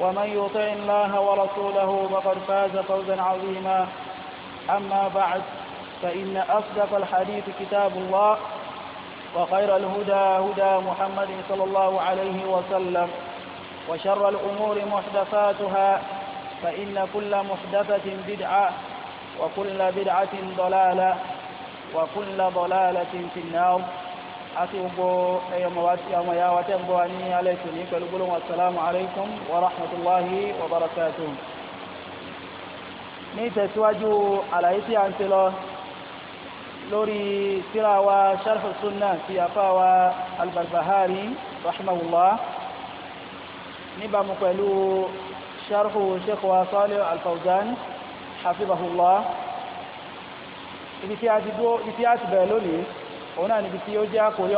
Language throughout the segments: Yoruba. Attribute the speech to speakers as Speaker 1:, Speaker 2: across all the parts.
Speaker 1: ومن يطع الله ورسوله فقد فاز فوزا عظيما أما بعد فإن أصدق الحديث كتاب الله وخير الهدى هدى محمد صلى الله عليه وسلم وشر الأمور محدثاتها فإن كل محدثة بدعة وكل بدعة ضلالة وكل ضلالة في النار àti gbogbo ẹyọmọ wa ti àwọn ìyá wa tẹ́ ń bọ́ wa ní alẹ́ tòní pẹ̀lú gbólóhùn assalamu alaikum wa rahmatulahi wa barakatuh. ní ìtẹ̀síwájú àlàyé tí a ń ṣe lọ lórí tírà wa sharh sunna ti afa wa albarbahari rahimahullah níbàámu pẹ̀lú sharh sheikh wa salih alfawzan hafizahullah ibi tí a ti bẹ̀rẹ̀ lónìí هنا نبي níbi tí ó jẹ́ àkórí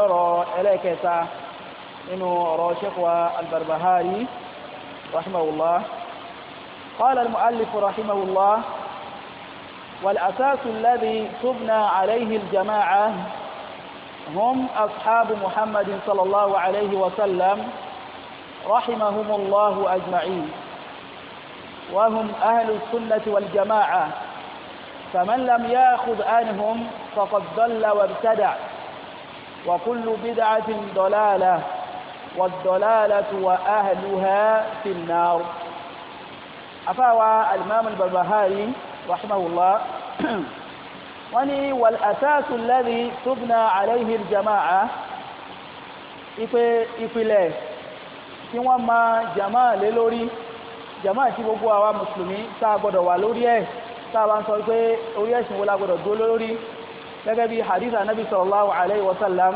Speaker 1: ọ̀rọ̀ رحمه الله قال المؤلف رحمه الله والأساس الذي تبنى عليه الجماعة هم أصحاب محمد صلى الله عليه وسلم رحمهم الله أجمعين وهم أهل السنة والجماعة فمن لم ياخذ عنهم فقد ضل وابتدع وكل بدعة ضلالة والضلالة وأهلها في النار أفاوى الإمام البربهاري رحمه الله وني والأساس الذي تبنى عليه الجماعة ìpìlẹ̀ tí wọ́n ma jama lé lórí jama tí tá a bá ń sọ pé orí ẹ̀sìn wo la gbọ́dọ̀ dúró lórí gẹ́gẹ́ bí hadith anabi sallallahu alayhi wa sallam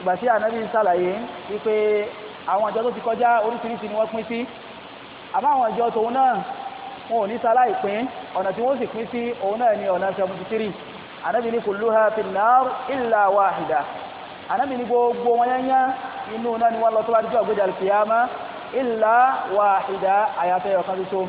Speaker 1: ìgbà tí anabi sàlàyé wípé àwọn ìjọ tó ti kọjá oríṣiríṣi ni wọ́n pín sí àmọ́ àwọn ìjọ tòun náà wọn ò ní sáláì pín ọ̀nà tí wọ́n sì pín sí òun náà ni ọ̀nà seventy three anabi ni kulluha fi nnar illa wahida anabi ni gbogbo wọn yányá inú náà ni wọn lọ tó bá dúdú àgbéjà alkiyama illa wahida àyàfẹ́ ọ̀kan tuntun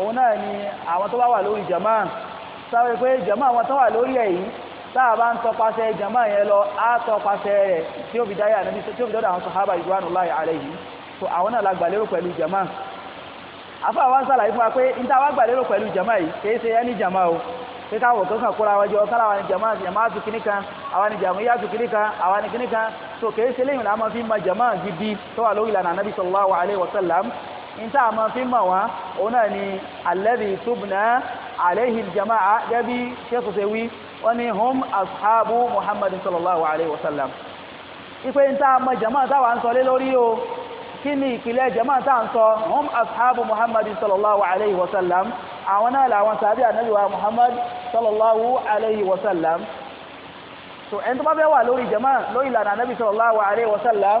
Speaker 1: òun náà ni àwọn tó bá wà lórí jama sáré pé jama àwọn tó wà lórí ẹ̀ yìí táà bá ń tọpasẹ̀ jama yẹn lọ á tọpasẹ̀ rẹ̀ tí ó fi dáyà níbi tí ó fi dọ́dọ̀ àwọn sahaba ridwanullahi alayhi so àwọn náà la gbàlérò pẹ̀lú jama afa wa ń sàlàyé fún wa pé n ta wá gbàlérò pẹ̀lú jama yìí kì í ṣe ẹni jama o pé káwọ̀ níta àmọ́ fi mọ̀ wọ́n òun náà ni alladhi tubna alayhi al-jama'a gẹ́bí sheikh sewi wọ́n ní hum ashabu muhammad sallallahu alayhi wa sallam ipe níta àmọ́ jama'a táwa ń sọ lé lórí o kí ni ìpìlẹ̀ jama'a táà ń sọ hum ashabu muhammad sallallahu alayhi wa sallam àwọn náà làwọn sàbí ànábì wa muhammad sallallahu alayhi wa sallam so ẹni tó bá fẹ́ wà lórí jama'a lórí ìlànà ànábì sallallahu alayhi wa sallam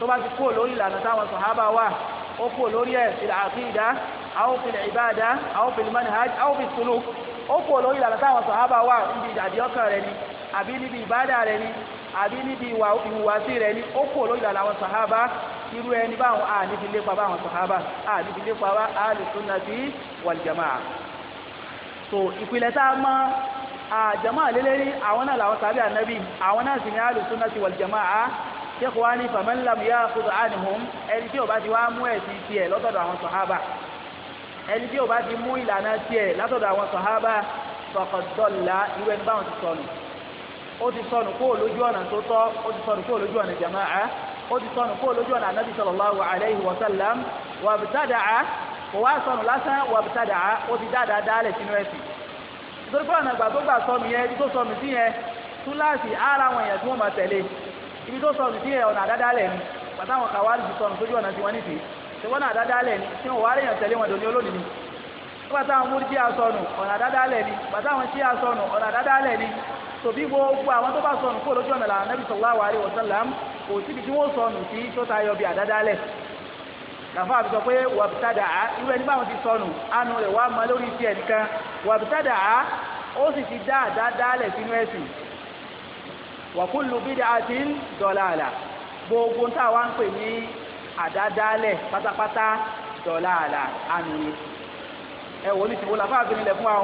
Speaker 1: tó bá ti kúrò lórí ìlànà táwọn sàhábà wà ó kúrò lórí ẹ̀ fil àkídà aw fil ìbádà aw fil manhaj aw fil suluk ó kúrò lórí ìlànà táwọn sàhábà wà níbi ìdàdíọ́kàn rẹ̀ ni àbí níbi ìbádà rẹ̀ ni àbí níbi ìhùwàsí rẹ̀ ni ó kúrò lórí ìlànà àwọn sàhábà irú ẹni báwọn a níbi báwọn sàhábà a níbi lépa bá ahlu sunnati wal so ìpìlẹ̀ tá a mọ àjàmá lélẹ́rí àwọn náà làwọn sàbí ànábì àwọn náà sì ní ahlu sunnati wal jamaa sẹ́kù wa ní fàmẹ́lẹ́mù yá kótó ánìhùn ẹni tí ò bá ti wá mú ẹ̀sìn tiẹ̀ lọ́tọ̀dọ̀ àwọn sọ̀hábà ẹni tí ò bá ti mú ìlànà tiẹ̀ látọ̀dọ̀ àwọn sọ̀hábà fọkàndọ́là irú ẹni báwọn ti sọnù ó ti sọnù kó lójú ọ̀nà tó tọ́ ó ti sọnù kó lójú ọ̀nà jama'a ó ti sọnù kó lójú ọ̀nà anabi sallallahu alayhi wa sallam wà bìtàdàá kò wá sọnù lásán wà bìtàdàá ó ti dáadáa dálẹ̀ sínú ẹ̀sìn nítorí ọ̀nà ìgbà sọnù yẹn tó sọnù sí yẹn túláàsì ara àwọn èèyàn tí wọ́n máa tẹ̀lé ibi tó sọnù sí ọ̀nà àdádálẹ̀ ni bàtà àwọn kàwárí ti sọnù sójú ọ̀nà tiwọn nìfẹ́ ṣùgbọ́n ọ̀nà àdádálẹ̀ ni tí wọ́n wá rèèyàn wọn dòní olónìí ni bàtà àwọn múrí tí a sọnù ọ̀nà àdádálẹ̀ ni bàtà àwọn tí a sọnù ọ̀nà àdádálẹ̀ ni tòbí gbogbo àwọn tó bá sọnù kó lójú ọ̀nà là nàbì sallallahu alaihi wasallam kò síbi tí wọ́n sọnù sí tó tayọ bí àdádálẹ̀ làfà àbí sọ pé wàbítàdà á irú ẹni báwọn ti sọnù ánú rẹ̀ wá mọ lórí tiẹ̀ nìkan wàbítàdà á wa kullu bid'atin dalalah gbogbo ń táwa ń pè ní àdádálẹ̀ pátápátá dalalah àmì ẹ wò ní ti wòlá fáwọn abìnrin lẹ̀ fún wa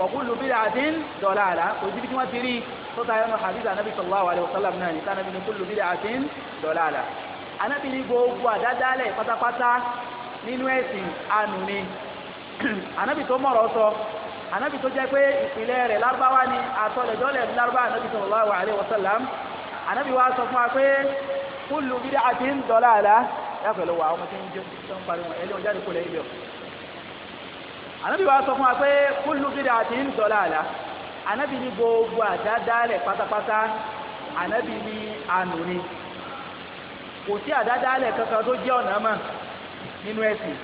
Speaker 1: wa kullu bid'atin dalalah kò síbi tí wọ́n ti rí sọ́tà ẹnu hadith anabi sallallahu alayhi wa sallam náà ní sanabi ní kullu bid'atin dalalah anabi ní gbogbo àdádálẹ̀ pátápátá nínú ẹ̀sìn àmì anabi tó mọ̀rọ̀ sọ anabi tó jẹ́ pé ìpìlẹ̀ rẹ̀ lárúbáwá ni àtọ̀lẹ̀jọ́lẹ̀ lárúbá anabi sallallahu alaihi wasallam anabi wa sọ fún wa pé kullu bid'atin dalala yàtọ̀ lọ́wọ́ àwọn ọmọ tí ń jẹ́ tó ń pariwo ẹni ọjà ní kúlẹ̀ ibẹ̀ anabi wa sọ fún wa pé kullu bid'atin dalala anabi ni gbogbo àdádálẹ̀ pátápátá anabi ni ànú kò sí àdádálẹ̀ kankan tó jẹ́ ọ̀nà mọ̀ nínú ẹ̀sìn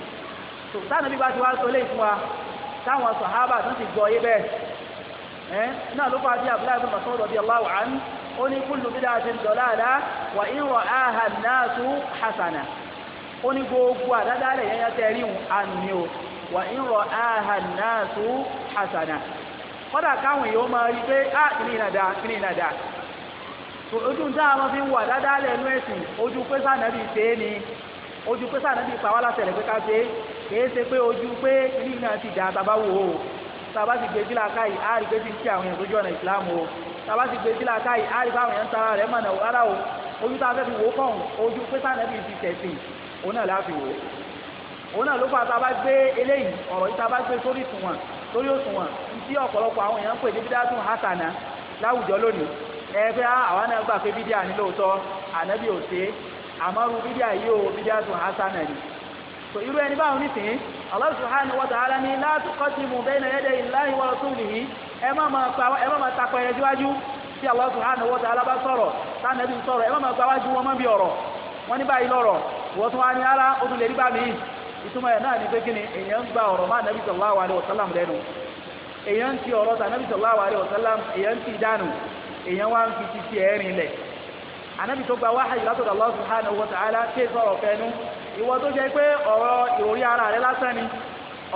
Speaker 1: tó sànàbí bá ti wá sọ lẹ́yìn fún wa táwọn sàhábà tún ti gbọ́ yé bẹ́ẹ̀ ẹ́ náà ló fàá sí abdullahi bin masoud radiyallahu ó wa in ra'aha an-nasu hasana ó ní gbogbo àdádálẹ̀ yẹn yẹn tẹ́rí àmì o wa in ra'aha an-nasu hasana kọ́dà káwọn èèyàn máa rí pé á ah, ojú a máa fi ń wà dáadáa lẹ́nu ẹ̀sìn ojú pé sànàbì ni ojú pé pàwọ́ látẹ̀lẹ̀ pé ká kìí ṣe pé ojú pé ilé náà ti dà bàbá wò ó tàbá ti gbé sílá káyì á rí pé ti ń kí àwọn èèyàn sójú ọ̀nà ìsìlámù o tàbá ti gbé sílá káyì á rí pé àwọn èèyàn ń tara rẹ̀ mọ̀nà rárá o ojú tá a fẹ́ fi wò ó kàn ojú pé sànẹ́bì ti tẹ̀sìn òun náà láfi wò ó òun náà ló fà tá a bá gbé eléyìí ọ̀rọ̀ yìí tá a bá gbé sórí ìsùnwọ̀n sórí òsùnwọ̀n tí ọ̀pọ̀lọpọ̀ àwọn èèyàn ń pè ní bídátún hasana láwùjọ lónìí ẹ fẹ́ àwọn náà gbà pé bídíà ní lóòótọ́ ànábì ò àmọ́rú bídíà yìí ó bídátún hasana ni so irú ẹni báwọn nísìnyí Allah subhanahu wa ta'ala ní la tuqaddimu bayna yaday Allahi wa rasulihi ẹ má máa takọ ẹ̀yẹ síwájú tí Allah subhanahu wa ta'ala bá sọ̀rọ̀ tánàbí sọ̀rọ̀ ẹ má máa gbáwájú wọn má bí ọ̀rọ̀ wọn ní báyìí lọ́rọ̀ wọ́n tún wá ní ara ó tún lè rí bá mi ìtumọ̀ ẹ̀ náà ni pé kíni èèyàn gba ọ̀rọ̀ má nàbí sallallahu alaihi wasallam lẹ́nu èèyàn ń ti ọ̀rọ̀ tànàbí sallallahu alaihi wasallam èèyàn ti dànù èèyàn wá ń ti ti ẹ̀rin lẹ̀ ànábì tó gba wáhàyè látọ̀dọ̀ Allah subhanahu wa ta'ala kéèsọ̀rọ̀ fẹ́nu ìwọ tó jẹ́ pé ọ̀rọ̀ ìròrí ara rẹ lásán ni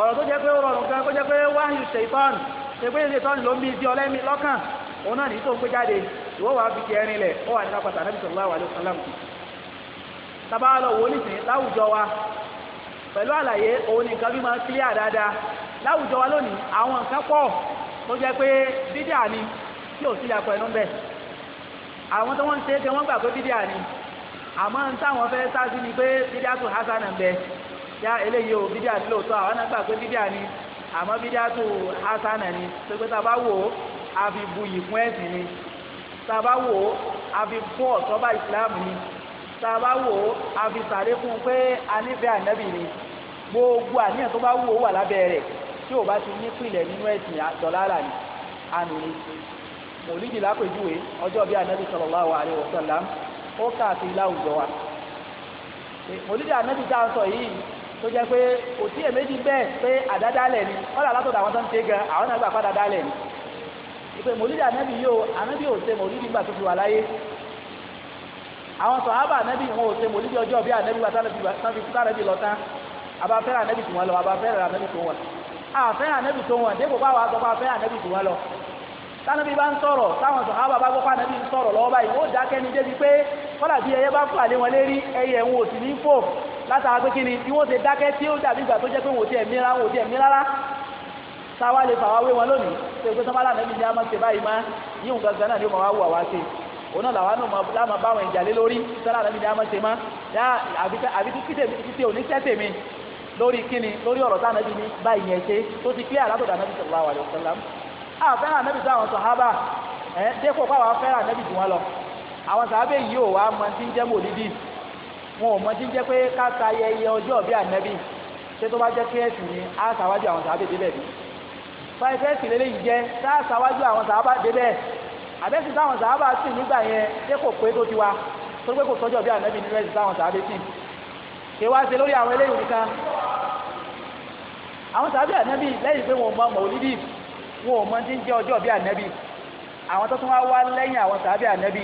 Speaker 1: ọ̀rọ̀ tó jẹ́ pé ó rọrùn gan kó jẹ́ pé wáyù ṣètọ́n ṣe pé ṣètọ́n ló ń bí ibi ọlẹ́mi lọ́kàn òun náà nìyí tó ń gbé jáde ìwọ wàá fi jẹ́ rinlẹ̀ ó wà ní lápàtà nàbì sallallahu alaihi wasallam tabalọ wo nísìnyí láwùjọ wa pẹ̀lú àlàyé òun nìkan bí máa ń kílíà dáadáa láwùjọ wa lónìí àwọn nǹkan pọ̀ tó jẹ́ pé bídíà ni tí ò sí yàpọ̀ ẹnu bẹ́ẹ̀ àwọn tó wọ́n ń ṣe é ṣe wọ́n gbà pé bídíà ni àmọ́ n táwọn fẹ́ sáájú ni pé bídíàtù hasan ń bẹ yá eléyìí o bídíàtù lóòótọ́ àwọn náà gbà pé bídíà ni àmọ́ bídíàtù hasan ni tó pé tá a bá wò ó a fi bu yìí fún ẹ̀sìn ni tá a bá wò ó a fi fún ọ̀tọ́ba islam ni tá a bá wò ó a fi sàré fún un pé a nífẹ̀ẹ́ ànábì ni gbogbo àníyàn tó bá wò ó wà lábẹ́ rẹ̀ tí o bá ti nípìnlẹ̀ nínú ẹ̀sìn dọ̀lára ni àná ni mòlídìí lápèjúwe ọjọ́ bíi ànábì sallallahu alaihi wasallam ó káàkiri láwùjọ wa mòlídìí ànábì tá a sọ yìí tó jẹ́ pé kò sí èméjì bẹ́ẹ̀ pé àdádálẹ̀ ni ọ̀là látọ̀dọ̀ àwọn tó ń ṣe gan àwọn náà gbà padà dálẹ̀ ni ìpè mòlídìí ànábì yóò ànábì ò ṣe mòlídìí nígbà tó fi wà láyé àwọn sọ̀hábà ànábì wọn ò ṣe mòlídìí ọjọ́ bí ànábì wa tán fi sáré bí lọ tán àbáfẹ́rẹ́ ànábì tó wọn lọ àbáfẹ́rẹ́ ànábì tó wọn àfẹ́rẹ́ ànábì tó wọn dépò báwa sọ pé àfẹ́rẹ́ ànábì tó wọn lọ tánàbí bá ń sọ̀rọ̀ táwọn sọ̀hábà bá gbọ́ pàdánù ń sọ̀rọ̀ lọ́wọ́ báyìí ó dákẹ́ ni débi pé kọ́lá bí ẹyẹ bá fà lé wọn lérí ẹyẹ ẹ̀hún ò sì ní fò látara pé kí ni bí wọ́n ṣe dákẹ́ tí ó dàbí ìgbà tó jẹ́ pé wọn ò tiẹ̀ mí rárá wọn ò tiẹ̀ mí rárá táwa lè fà wé wọn lónìí pé pé ni a máa ṣe báyìí má yíwùn gangan náà ni ó máa wá wù àwa ṣe òun náà làwọn náà máa bá wọn ìjà lé lórí sọ́mọ́lá ni a máa ṣe má àbí kíkítẹ̀ oníṣẹ́ mi lórí kíni lórí ọ̀rọ̀ táwọn nàbí ni báyìí yẹn ṣe tó àfẹ́ràn ah, ànábì tó àwọn sọ̀hábà ẹ̀ dépò pàwọ́ àfẹ́ràn ànábì jù wọ́n lọ àwọn sàábé yìí ò wá mọ tí ń jẹ́ mòlídì wọn ò mọ tí ń jẹ́ pé ká ta ayẹyẹ ọjọ́ bí ànábì ṣé tó bá jẹ́ pé ẹ̀sìn ni á sàwájú àwọn sàábé débẹ̀ bí fáìfẹ́sì lélẹ́yìí jẹ́ tá a sàwájú àwọn sàábà débẹ̀ àbẹ́sì táwọn sàábà sì nígbà yẹn dépò pé tó ti wa tó gbé kò sọ́jọ́ bí ànábì nínú ẹ̀sìn táwọn sàábé sì kí wá wọn ò mọ tí ń jẹ́ ọjọ́ bí ànẹ́bí àwọn tó tún wá wá lẹ́yìn àwọn sàábì ànẹ́bí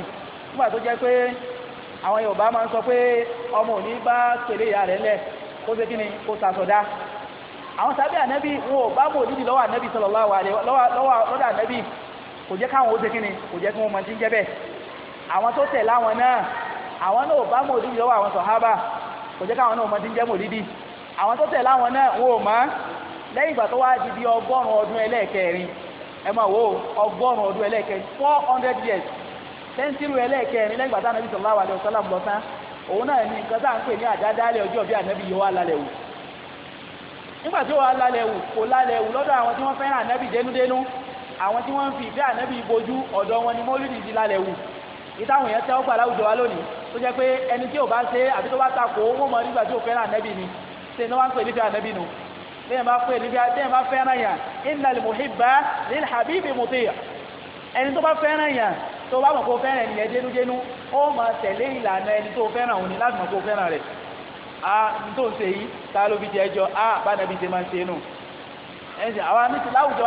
Speaker 1: nígbà tó jẹ́ pé àwọn Yorùbá máa ń sọ pé ọmọ òní bá pèlè ìyá rẹ̀ lẹ̀ kó ṣe kí ni kó sàsọdá àwọn sàábì ànẹ́bí wọn ò bá bò nídìí lọ́wọ́ ànẹ́bí sallallahu alaihi lọ́dọ̀ ànẹ́bí kò jẹ́ káwọn ó ṣe kí ni kò jẹ́ kí wọ́n mọ tí ń jẹ́ bẹ́ẹ̀ àwọn tó tẹ̀ láwọn náà àwọn náà ò bá mọ̀ òdìdí lọ́wọ́ àwọn sàhábà kò jẹ́ káwọn náà mọ tí ń jẹ́ mọ̀ òdìdí àwọn tó tẹ̀ láwọn náà wọn ò máa lẹ́yìn ìgbà tó wá di bí ọgọ́rùn-ún ọdún ẹlẹ́ẹ̀kẹrin ẹ máa wò ó ọgọ́rùn-ún ọdún ẹlẹ́ẹ̀kẹrin four hundred years sẹ́ńtírù ẹlẹ́ẹ̀kẹrin lẹ́yìn ìgbà tá ànábì sallallahu alaihi wasallam lọ tán òun náà ní nǹkan tá à ń pè ní àdádálẹ̀ ọjọ́ bí ànábì yóò wá lálẹ́ wò nígbà tí ó wá lálẹ́ wò kò lálẹ́ wò lọ́dọ̀ àwọn tí wọ́n fẹ́ràn ànábì dénúdénú àwọn tí wọ́n ń fi ìfẹ́ ànábì bojú ọ̀dọ̀ wọn ni mọ́lúdì di lálẹ́ wò ìtàwọn èèyàn tẹ́ ó gbà láwùjọ wa lónìí tó jẹ́ pé ẹni tí ò bá ṣe àbí tó bá takò ó mọ̀ nígbà tí ò fẹ́ràn ànábì ni ṣe ni wọ́n ń pè nífẹ̀ẹ́ ànábì nù bẹ́ẹ̀ bá fẹ́ níbi bẹ́ẹ̀ bá fẹ́ràn yàn innal muhibba lil habibi muti' ẹni tó bá fẹ́ràn yàn tó bá mọ̀ kó fẹ́ràn ẹni yẹn dénúdénú ó máa tẹ̀lé ìlànà ẹni tó fẹ́ràn òun ni láti mọ̀ kó fẹ́ràn rẹ̀ a n tó ń ṣe yìí ta ló fi jẹ ẹjọ́ a bá nàbí ṣe máa ń ṣe nù ẹsẹ àwa ní ti láwùjọ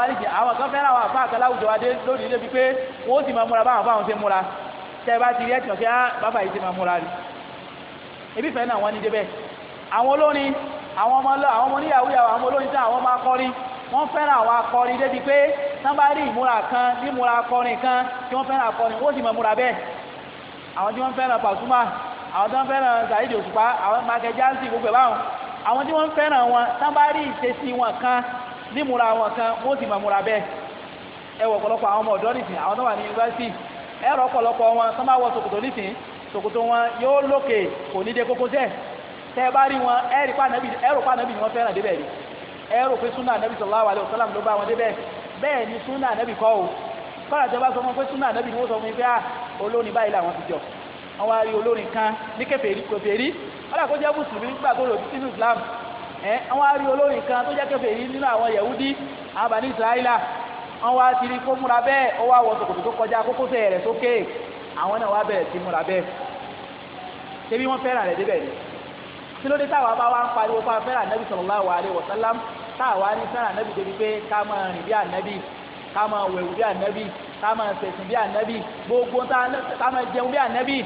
Speaker 1: àwọn olórin àwọn ọmọ lọ àwọn ọmọ oníyàwó yàwó àwọn olóyin tán àwọn ọmọ akọrin wọ́n fẹ́ràn àwọn akọrin débi pé tán bá rí ìmúra kan ní ìmúra akọrin kan tí wọ́n fẹ́ràn akọrin wọ́n sì mọ̀ múra bẹ́ẹ̀ àwọn tí wọ́n fẹ́ràn Pasuma àwọn tí wọ́n fẹ́ràn Saheed Òṣùpá àwọn Michael Jackson gbogbo ẹ̀ báwọn àwọn tí wọ́n fẹ́ràn wọn tán bá rí ìṣesí wọn kan ní ìmúra wọn kan wọ́n sì mọ̀ múra bẹ́ẹ̀ ẹ wọ ọ̀pọ̀lọpọ̀ àwọn ọmọ ọ̀dọ́ nìsín àwọn tó wà ní yunifásitì ẹ rọ ọ̀pọ̀lọpọ̀ wọn tán bá wọ ṣòkòtò nìsín ṣòkòtò wọn yóò lókè kò ní dé kókósẹ̀ tẹ́ bá rí wọn ẹ̀rọ pa ànábì ni wọ́n fẹ́ràn débẹ̀ rí ẹ̀rọ súnà ànábì sallallahu alaihi wasallam ló bá wọn débẹ̀ bẹ́ẹ̀ ni súnà ànábì kọ́ o kọ́lá tí wọ́n bá sọ fún pé súnà ànábì ni wọ́n sọ fún mi pé ah, olórin báyìí làwọn ti jọ àwọn arí olórin kan ní kèfèrí kèfèrí kọ́lá kó jẹ́ mùsùlùmí nígbà tó lòdì sínú Islam ẹ àwọn arí olórin kan tó jẹ́ kèfèrí nínú àwọn Yahudi àwọn bani Israẹla wọn wá ti rí kó múra bẹ́ẹ̀ ó wá wọ ṣòkòtò tó kọjá kókósẹ̀ rẹ̀ sókè àwọn náà wá bẹ̀rẹ̀ sí múra bẹ́ẹ̀ ṣé bí wọ́n fẹ́ràn rẹ̀ débẹ̀ ni kí ló dé táwa bá wá ń pariwo fún afẹ́rẹ́ ànábì sallallahu alaihi wasallam táwa ní fẹ́rẹ́ ànábì débi pé ká máa rìn bí ànábì ká máa wẹ̀wù bí ànábì ká máa ṣẹ̀sìn bí ànábì gbogbo ká máa jẹun bí ànábì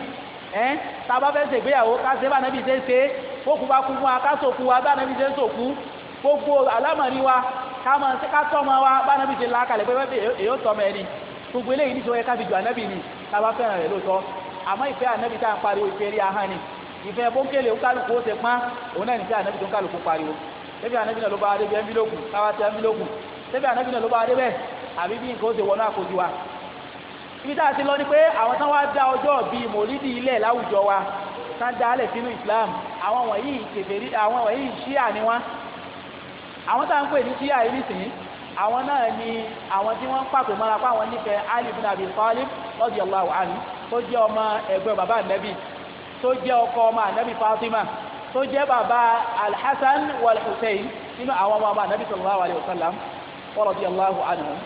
Speaker 1: ẹ́ tá a bá fẹ́ ṣègbéyàwó ká ṣe bá ànábì ṣe ṣe kókù bá kú fún wa ká sòkú wa bá ànábì ṣe sòkú gbogbo alámọ̀rí wa ká máa ṣe ká tọ́mọ wa bá ànábì ni tá a bá fẹ́ràn rẹ̀ lóòótọ́ àmọ́ ìfẹ́ ànábì ìfẹ́ bókèlè kálukú ó ṣe pán òun náà nífẹ̀ẹ́ ànábì tó kálukú pariwo ṣebí ànábì náà ló bá adé bí ẹnbílógún káwá tẹ ẹnbílógún ṣebí ànábì náà ló bá adé bẹ́ẹ̀ àbí bí nǹkan ó ṣe wọnú àkójú wa. ibi tá a ti lọ ni pé àwọn tán wá dá ọjọ́ bíi mòlídì ilẹ̀ láwùjọ wa tán dá alẹ̀ sínú Islam àwọn wọ̀nyí kèfèrí àwọn wọ̀nyí ṣíà ni wọ́n àwọn tá à ń pè ní ṣíà yìí àwọn náà ni àwọn tí wọ́n pàpè mọ́ra pé àwọn nífẹ̀ẹ́ Ali bin Abi Talib radiyallahu anhu tó jẹ́ ọmọ ẹ̀gbọ́n bàbá Ànábì tó jẹ́ ọkọ ọmọ ànábì Fatima tó jẹ́ bàbá alhassan wal hussein nínú àwọn ọmọ ọmọ ànábì sallallahu alayhi wa sallam wa radiyallahu anhum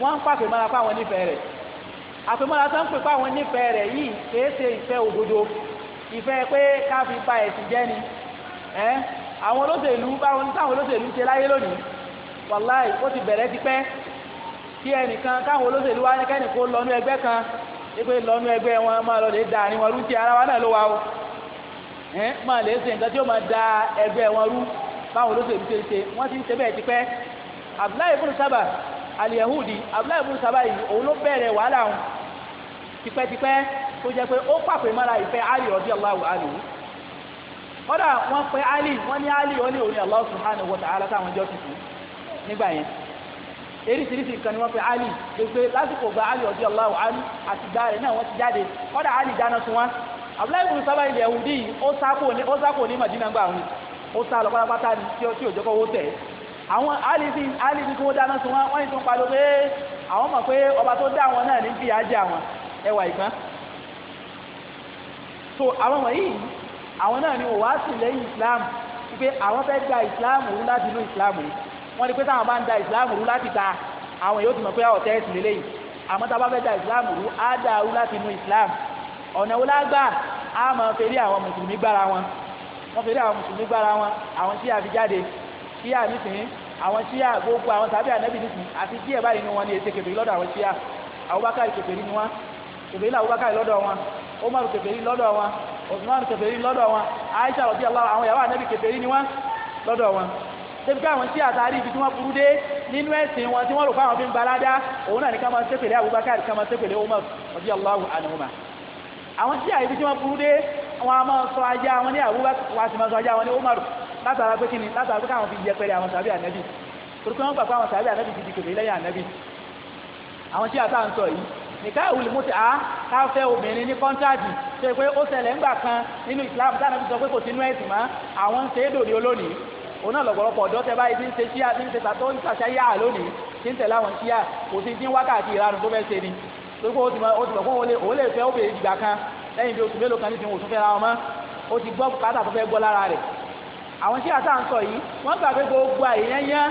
Speaker 1: wọ́n ń pàpè mọ́ra pa àwọn nífẹ̀ẹ́ rẹ̀ àpèmọ́ra tó ń pè pa àwọn nífẹ̀ẹ́ rẹ̀ yìí kìí ṣe ìfẹ́ òdodo ìfẹ́ pé ká fi ba ẹ̀sìn jẹ́ ni àwọn olóṣèlú báwọn táwọn olóṣèlú ṣe láyé lónìí wàláì ó ti bẹ̀rẹ̀ tipẹ́ kí ẹnìkan káwọn olóṣèlú wá ní kẹ́nìkan lọ ní ẹgbẹ́ kan pé lọ́nú ẹgbẹ́ wọn máa lọ lè da ni wọn rú tí ara wa náà ló wa o ẹ máa lè ṣe nǹkan tí ó máa da ẹgbẹ́ wọn rú báwọn olóṣèlú ṣe ṣe wọ́n ti ń ṣe bẹ́ẹ̀ tipẹ́ Abdullahi ibn Saba aliyahudi Abdullahi ibn Saba yìí òun ló bẹ̀rẹ̀ wàhálà òun tipẹ́tipẹ́ tó jẹ́ pé ó pàpè mára ìfẹ́ Ali radiyallahu anhu kọ́dà wọ́n pe Ali wọ́n ní Ali ó ní òun ni Allah subhanahu wa ta'ala táwọn jọ́ tuntun nígbà yẹn eríṣiríṣi nǹkan ni wọ́n fi ali gbogbo lásìkò gba ali ọ̀dí ọláwọ̀ ali àti ìgbà rẹ̀ náà wọ́n ti jáde kọ́dà ali dáná sun wọn abdullahi bin sábà ilẹ̀ ẹ̀hùndí yìí ó sáko ní madina gbà wọn ó sá lọ pátápátá ni tí ò jẹ́ kó wó tẹ̀ àwọn ali ti ali ti kó dáná sun wọn wọ́n ti tún pariwo pé àwọn mọ̀ pé ọba tó dá wọn náà ní bí ajé àwọn ẹwà ìkan so àwọn wọ̀nyí àwọn náà ni wọ́n wá sí lẹ́yìn islam wípé àwọn fẹ́ gba islam òun láti inú islam yìí wọ́n ní pé táwọn bá ń da ìsìláàmù rú láti ta àwọn yóò ti mọ̀ pé ọ̀tẹ́ ẹ̀sìn lélẹ́yìí àmọ́ tá a bá fẹ́ da ìsìláàmù rú á dà rú láti inú Islam. ọ̀nà wo lágbà á máa fẹ́rí àwọn mùsùlùmí gbára wọn wọ́n fẹ́rí àwọn mùsùlùmí gbára wọn àwọn tí a fi jáde tí a nísìnyí àwọn tí a gbogbo àwọn tàbí ànábì nísìnyí àti díẹ̀ báyìí nínú wọn ni èsè kèfèrí lọ́dọ̀ àwọn tí a Abubakar kèfèrí ni wọn kèfèrí Abubakar lọ́dọ̀ wọn Umar kèfèrí lọ́dọ̀ wọn Usman kèfèrí lọ́dọ̀ wọn Aisha rọ̀bí àwọn yàrá ànábì kèfèrí ni wọn lọ́dọ̀ wọn débi pé àwọn tí àtàrí ibi tí wọ́n burú dé nínú ẹ̀sìn wọn tí wọ́n rò fáwọn fi ń balada òun náà ní ká máa sépèlé Abubakar ká máa sépèlé Umar radiyallahu anhuma àwọn tí àìbí tí wọ́n burú dé wọn a máa sọ ajá wọn ní Abubakar wá sí máa sọ ajá wọn ní Umar látara pé kíni látara pé káwọn fi yẹpẹrẹ àwọn sàbí ànẹ́bì torí pé wọ́n gbà pé àwọn sàbí ànẹ́bì ti di kèfé lẹ́yìn ànẹ́bì àwọn tí obìnrin ní kọ́ńtáàdì tó yẹ pé ó ṣẹlẹ̀ ńgbà kan nínú ìsìlámù táwọn sọ pé kò sínú ẹ̀sìn mọ́ àwọn ń ṣe olónìí òun náà lọ̀pọ̀lọpọ̀ ọ̀dọ́ tẹ báyìí ti ń ṣe ṣíà ti ń ṣe tàtọ́ ń ṣàṣà yá lónìí ti ń tẹ̀lé àwọn ṣíà kò sí ti ń wákàtí ìranu tó fẹ́ ṣe ni torí pé ti mọ̀ fún òun lè òun lè fẹ́ ìgbà kan lẹ́yìn bí oṣù mélòó kan ní ti oṣù fẹ́ra ọmọ ó ti gbọ́ bùkátà tó fẹ́ gbọ́ lára rẹ̀ àwọn ṣíà tá à ń sọ yìí wọ́n gbà pé gbogbo àyẹ̀yẹ́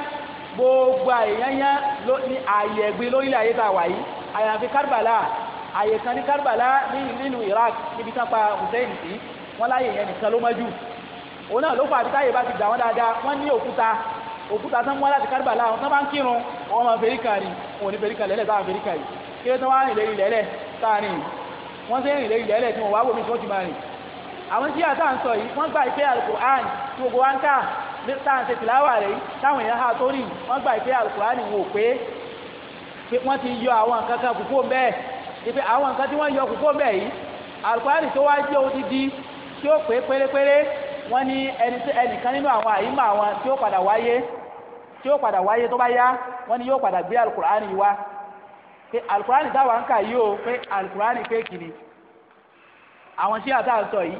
Speaker 1: gbogbo àyẹ̀yẹ́ ló ní ààyè ẹ̀gbin lórílẹ̀ ayé tá a wà yìí àyàfi Karbala àyè kan ní Karbala nílùú yẹn nìkan òun náà ló fà àti táyè bá ti gbà wọ́n dáadáa wọ́n ní òkúta òkúta tán mú aláti Karbala wọn tán bá ń kírun wọn máa fèrí kan ní òun ní fèrí kan lẹ́lẹ̀ táwọn fèrí kan yìí kí ló tán wá rìn lérí lẹ́lẹ̀ táà rìn wọ́n sì rìn lérí lẹ́lẹ̀ tí wọ́n wá wòmí tí ti máa rìn àwọn tí àtà ń sọ yìí wọ́n gbà ìpé alukur'an tí gbogbo wa ń táwọn ṣe tìláwà rẹ̀ táwọn èèyàn ha tó rìn wọ́n gbà ìpé alukur'an wò pé wọ́n ti yọ àwọn nǹkan kan kúkú bẹ́ẹ̀ ìpè àwọn nǹkan tí wọ́n yọ kúkú bẹ́ẹ̀ yìí alukur'an tó wá jẹ́ odidi tí ó pé pérépéré wọ́n ní ẹnìkan nínú àwọn àyímọ̀ àwọn tí ó padà wáyé tí ó padà wáyé tó bá yá wọ́n ní yóò padà gbé alukur'ani wá pé alukur'ani táwa ń kà yìí o pé alukur'ani pé kìnnì àwọn ṣíà tá à ń sọ yìí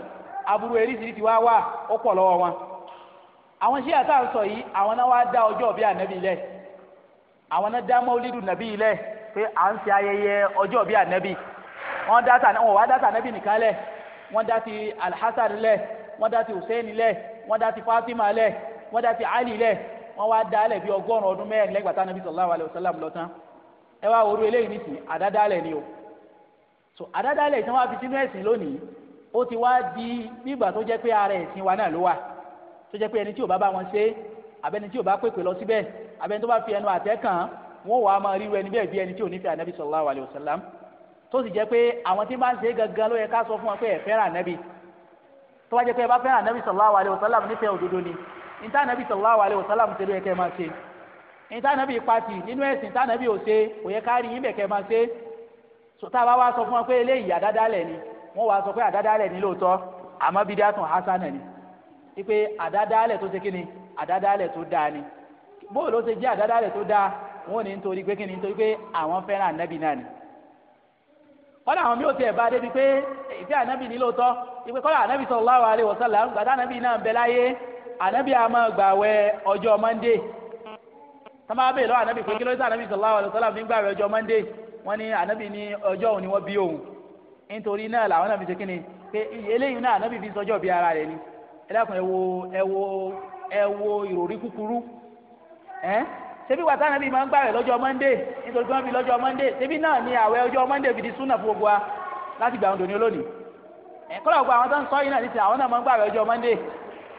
Speaker 1: aburú eríṣiríṣi wá wà ó pọ̀ lọ́wọ́ wọn àwọn ṣíà tá à ń sọ yìí àwọn náà wá dá ọjọ́ bíi ànábì lẹ̀ àwọn náà dá mọ́lídù nàbí lẹ̀ pé à ń ṣe ayẹyẹ ọjọ́ bíi ànábì wọ́n dá tà wọ́n wá dá tà ànábì nìkan lẹ̀ wọ́n dá ti alhassan lẹ̀ wọ́n dá ti Hussein lẹ̀ wọ́n dá ti Fatima lẹ̀ wọ́n dá ti Ali lẹ̀ wọ́n wá dá lẹ̀ bí ọgọ́rùn ọdún mẹ́rin lẹ́gbàá nàbí sallallahu alaihi wasallam lọ ẹ wá orú eléyìí nìsín àdádálẹ̀ ni o so àdádálẹ̀ tí wọ́n fi sínú ẹ̀sìn lónìí ó ti wá di nígbà tó jẹ́ pé ara ẹ̀sìn wa náà ló wà tó jẹ́ pé ẹni tí ò bá bá wọn ṣe àbẹ́ni tí ò bá pèpè lọ síbẹ̀ àbẹ́ni tó bá fi ẹnu àtẹ́ kàn wọ́n wàá máa ríru ẹni bẹ́ẹ̀ bí ẹni tí ò nífẹ̀ẹ́ ànábì sallallahu alaihi wasallam tó sì jẹ́ pé àwọn tí bá ń ṣe gangan ló yẹ ká sọ fún wọn pé ẹ fẹ́ràn ànábì tó wá jẹ́ pé ẹ bá fẹ́ràn anabi sallallahu alayhi wa sallam nífẹ̀ẹ́ òdodo ni níta anabi sallallahu alayhi wa sallam ṣe ló yẹ kẹ́ ẹ máa ṣe níta anabi pati nínú ẹ̀sìn níta anabi ò ṣe kò yẹ ká rí yín bẹ̀ kẹ́ ẹ máa ṣe sọtá bá wá sọ fún wọn pé eléyìí àdádálẹ̀ ni wọ́n wá sọ pé àdádálẹ̀ ni lóòótọ́ àmọ́ bídíàtùn hasana ni wípé àdádálẹ̀ tó ṣe kí ni àdádálẹ̀ tó dáa ni bóòlù ó ṣe jẹ́ àdádálẹ̀ tó dáa wọn ò ní nítorí pé kí ni nítorí pé àwọn fẹ́ràn anabi náà ni kọ́dà àwọn mi ò tiẹ̀ bá débi pé ìfẹ́ ànábì ní lóòótọ́ ìpè kọ́dà ànábì sallallahu alaihi wasallam gbàdá ànábì náà ń bẹ láyé ànábì àmọ́ gbàwẹ̀ ọjọ́ Monday sọ́mà lọ́wọ́ ànábì pé kí ló dé ànábì fi ń ọjọ́ wọ́n ní ànábì ní ọjọ́ ni wọ́n bí òun nítorí náà làwọn náà fi ṣe kíni fi ni wo ẹ ṣebí wàtá nàbí máa ń gbààwẹ̀ lọ́jọ́ monday nítorí pé wọ́n fi lọ́jọ́ monday ṣebí náà ni àwẹ̀ ọjọ́ monday fi di súnà fún gbogbo wa láti gbà ọ̀dọ̀ ní olónìí ẹ̀kọ́ làwọn àwọn tó ń sọ yìí náà nísìnyí àwọn náà máa ń gbààwẹ̀ ọjọ́ monday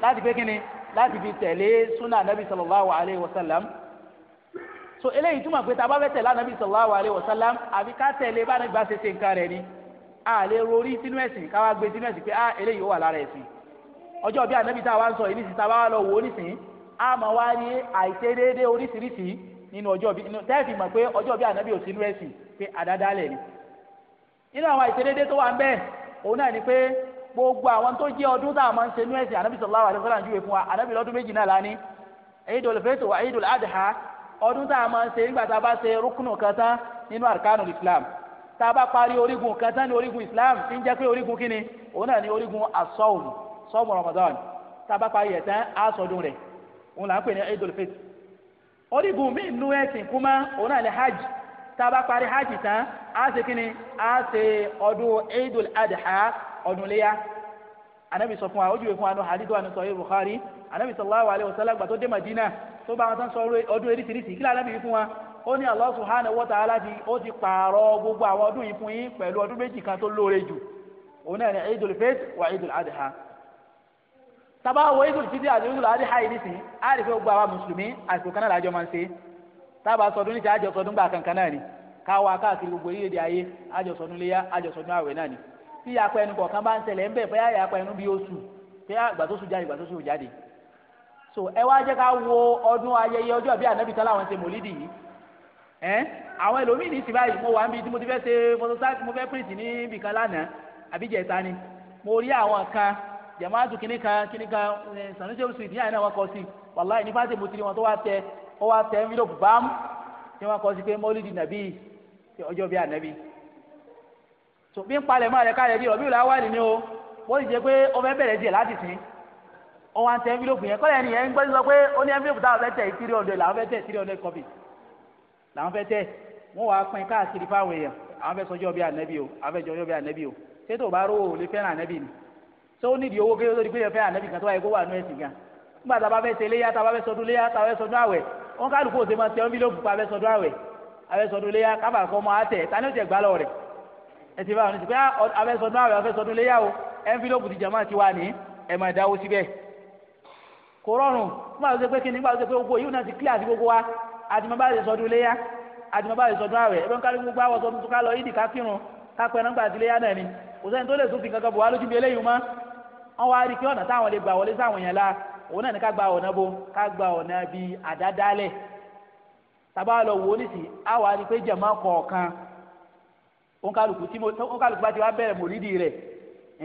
Speaker 1: láti pé kíni láti fi tẹ̀lé súnà nàbí sallallahu alayhi wa sallam so eléyìí túmọ̀ pé tábà fẹ́ tẹ̀lé nàbí sallallahu alayhi wa sallam àfi ká tẹ̀lé bá nàbí bá ṣe ṣe nǹkan rẹ̀ ni a lè rorí sínú ẹ̀sìn káwá gbé sínú ẹ̀sìn pé a ah, eléyìí ó wà lára ẹ̀sìn ọjọ́ tá a wá ń sọ yìí nísìnyí tábà wá a máa wá rí àìṣe déédéé oríṣiríṣi nínú ọjọ́ bí tẹ́ẹ̀fì mọ̀ pé ọjọ́ bí ànábì òsínú ẹ̀sìn pé àdádálẹ̀ ni nínú àwọn àìṣe déédéé tó wà ń bẹ́ẹ̀ òun náà ni pé gbogbo àwọn tó jẹ́ ọdún tá a máa ń ṣe nú ẹ̀sìn ànábì sallallahu alaihi wasallam júwe fún wa ànábì lọ́dún méjì náà lání Eidul Fitr wa Eidul Adha ọdún tá a máa ń ṣe nígbà tá a bá ṣe rúkúnù kan tán nínú arkanu Islam tá a bá parí orígun kan tán ní orígun Islam tí ń jẹ́ pé orígun kíni òun náà ni orígun asọ́ọ̀mù sọ́ọ̀mù Ramadan tá a bá parí ẹ̀ tán á sọdún rẹ̀ òun là ń pè ní Eidul Fitr orígun mi nú ẹ̀sìn kú mọ́ òun náà ní hajj tá a bá parí hajj tán á ṣe kí ni á ṣe ọdún Eidul Adha ọdún léyà anabi sọ fún wa ojú ìwé fún wa ní hadith wa ní sọ yìí Bukhari anabi sallallahu alayhi wa sallam gbàtó dé Madina tó bá wọn tán sọ ọdún eréṣiríṣi kí lànà mi fún wa ó ní Allah subhanahu wa ta'ala ti ó ti pààrọ̀ gbogbo àwọn ọdún yìí fún yín pẹ̀lú ọdún méjì kan tó lóore jù òun náà ní Eidul Fitr wa Eidul Adha taba wo idul fitri àti idul adi ha yìí sìn á rí wa gbogbo àwa mùsùlùmí àsìkò kan náà lájọ máa ń ṣe tábà sọdún níṣẹ́ àjọ sọdún gbà kankan náà ni káwa káàkiri gbogbo orílẹ̀-èdè ayé àjọ sọdún léyà àjọ sọdún àwẹ̀ náà ni tí yàpá ẹnu kọ̀ọ̀kan bá ń ṣẹlẹ̀ ń bẹ̀ bóyá yàpá ẹnu bí oṣù pé ìgbà tó sùn jáde ìgbà tó sùn so ẹ wá jẹ́ ká wo ọdún ayẹyẹ ọjọ́ àbí ànábì tán láwọn ṣe mòlídì yìí ẹ àwọn ẹlòmíì ní ti báyìí mo wà níbi tí mo ti fẹ́ ṣe photosite mo fẹ́ print ní ibìkan lánàá àbí jẹ̀ta ni mo rí àwọn kan jamaatu kìnnì kan kìnnì kan sanusi olùsùn ìdíyàn náà wọn kọ sí wàláyé nípa ṣe mutiri wọn tó wá tẹ ó wá tẹ envelope bam ni wọn kọ sí pé mọ́lídì nàbí ọjọ́ bíi ànábì tó bí ń palẹ̀ mọ́ àrẹ káyọ̀ bí rọ̀bí ìlà wà nínú o wọ́n sì jẹ́ pé ó fẹ́ bẹ̀rẹ̀ díẹ̀ láti sìn ó wá ń tẹ envelope yẹn kọ́lẹ̀ nìyẹn ń gbé sọ pé ó ní envelope táwọn fẹ́ tẹ̀ three hundred làwọn fẹ́ tẹ̀ three hundred copy làwọn fẹ́ tẹ̀ wọ́n wàá pín káàkiri fáwọn èèyàn àwọn fẹ́ sọjọ́ bíi ànábì o àwọn fẹ́ jọjọ́ bíi ànábì o ṣé tó bá rówó ò lè fẹ́ràn ànábì ni tó ó nídìí owó kéwòn tó di pé ẹ̀fẹ́ ànábì kan tó wáyé kó wà ẹ̀sìn gan nígbà tá a bá fẹ́ léyà tá a bá fẹ́ sọdún léyà tá a fẹ́ sọdún àwẹ̀ wọn kálukú òsè máa tẹ ọ́n bí ló fún fẹ́ sọdún àwẹ̀ a fẹ́ sọdún léyà kọ́ ọmọ ta ni ó tẹ̀ gbá lọ rẹ̀ ẹ ti a fẹ́ sọdún àwẹ̀ a fẹ́ sọdún léyà ah, o ẹnfílọ́pù ti jàmáà ti wà ní ẹ̀ máa dáwó síbẹ̀ kò rọrùn nígbà tó ṣe pé kíni nígbà tó ṣe pé gbogbo gbogbo wọn wá rí i pé ọ̀nà táwọn lè wọlé sáwọn la òun náà ni ká gba ọ̀nà bo ká gba ọ̀nà bíi àdádálẹ̀ tàbá lọ wò ó nìsí á rí i pé jàmá kọ̀ọ̀kan òǹkàlùkù tí mo bá ti wá bẹ̀rẹ̀ mòrídì rẹ̀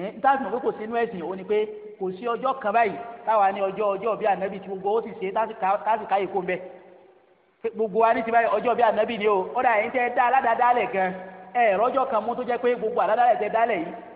Speaker 1: ẹ̀ ń táàbù mọ̀ pé kò sínú ẹ̀sìn òun ni pé kò sí ọjọ́ kan báyìí táwa ní ọjọ́ ọjọ́ bí ànábì gbogbo ó sì ṣe táàsì káyè kó o tẹ́ dá aládàá dálẹ̀ gan ẹ̀ rọ́jọ́ kan mú tó gbogbo tẹ́ dálẹ̀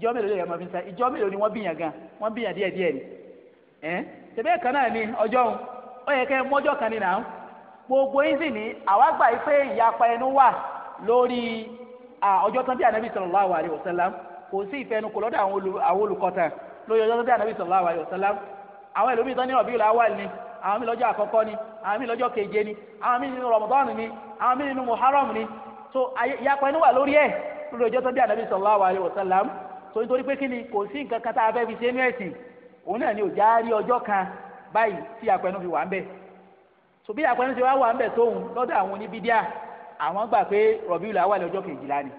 Speaker 1: ìjọ mélòó lè máa fi sa ìjọ mélòó ni wọ́n bìyàn gan wọ́n bìyàn díẹ̀ díẹ̀ ni ẹ̀ tẹ̀bẹ́ kan náà ni ọjọ́ òun ó yẹ kẹ́ mọ́jọ́ kan ni nà ń gbogbo yín sì ní àwa gbà yí pé ìyapa ẹnu wà lórí ọjọ́ tán bí anabi sallallahu alaihi wasallam kò sí ìfẹnu kò lọ́dọ̀ àwọn olùkọ́tà lórí ọjọ́ tán bí anabi sallallahu alaihi wasallam àwọn ẹlòmíì tán ní Rabiul Awwal ni àwọn mi lọ́jọ́ àkọ́kọ́ ni àwọn mi lọ́jọ́ Ramadan ni àwọn mi nínú ni so ìyapa ẹnu wà lórí ẹ̀ lórí ọjọ́ tán bí anabi sallallahu alaihi wasallam so nítorí pé kí ni kò sí nǹkan kan tá a fẹ́ fi ṣe ẹ̀sìn òun náà ni òjá rí ọjọ́ kan báyìí tí àpẹnu fi wà ń bẹ̀ so bí àpẹnu ṣe wá wà ń bẹ̀ tóun lọ́dọ̀ àwọn oníbídíà àwọn gbà ni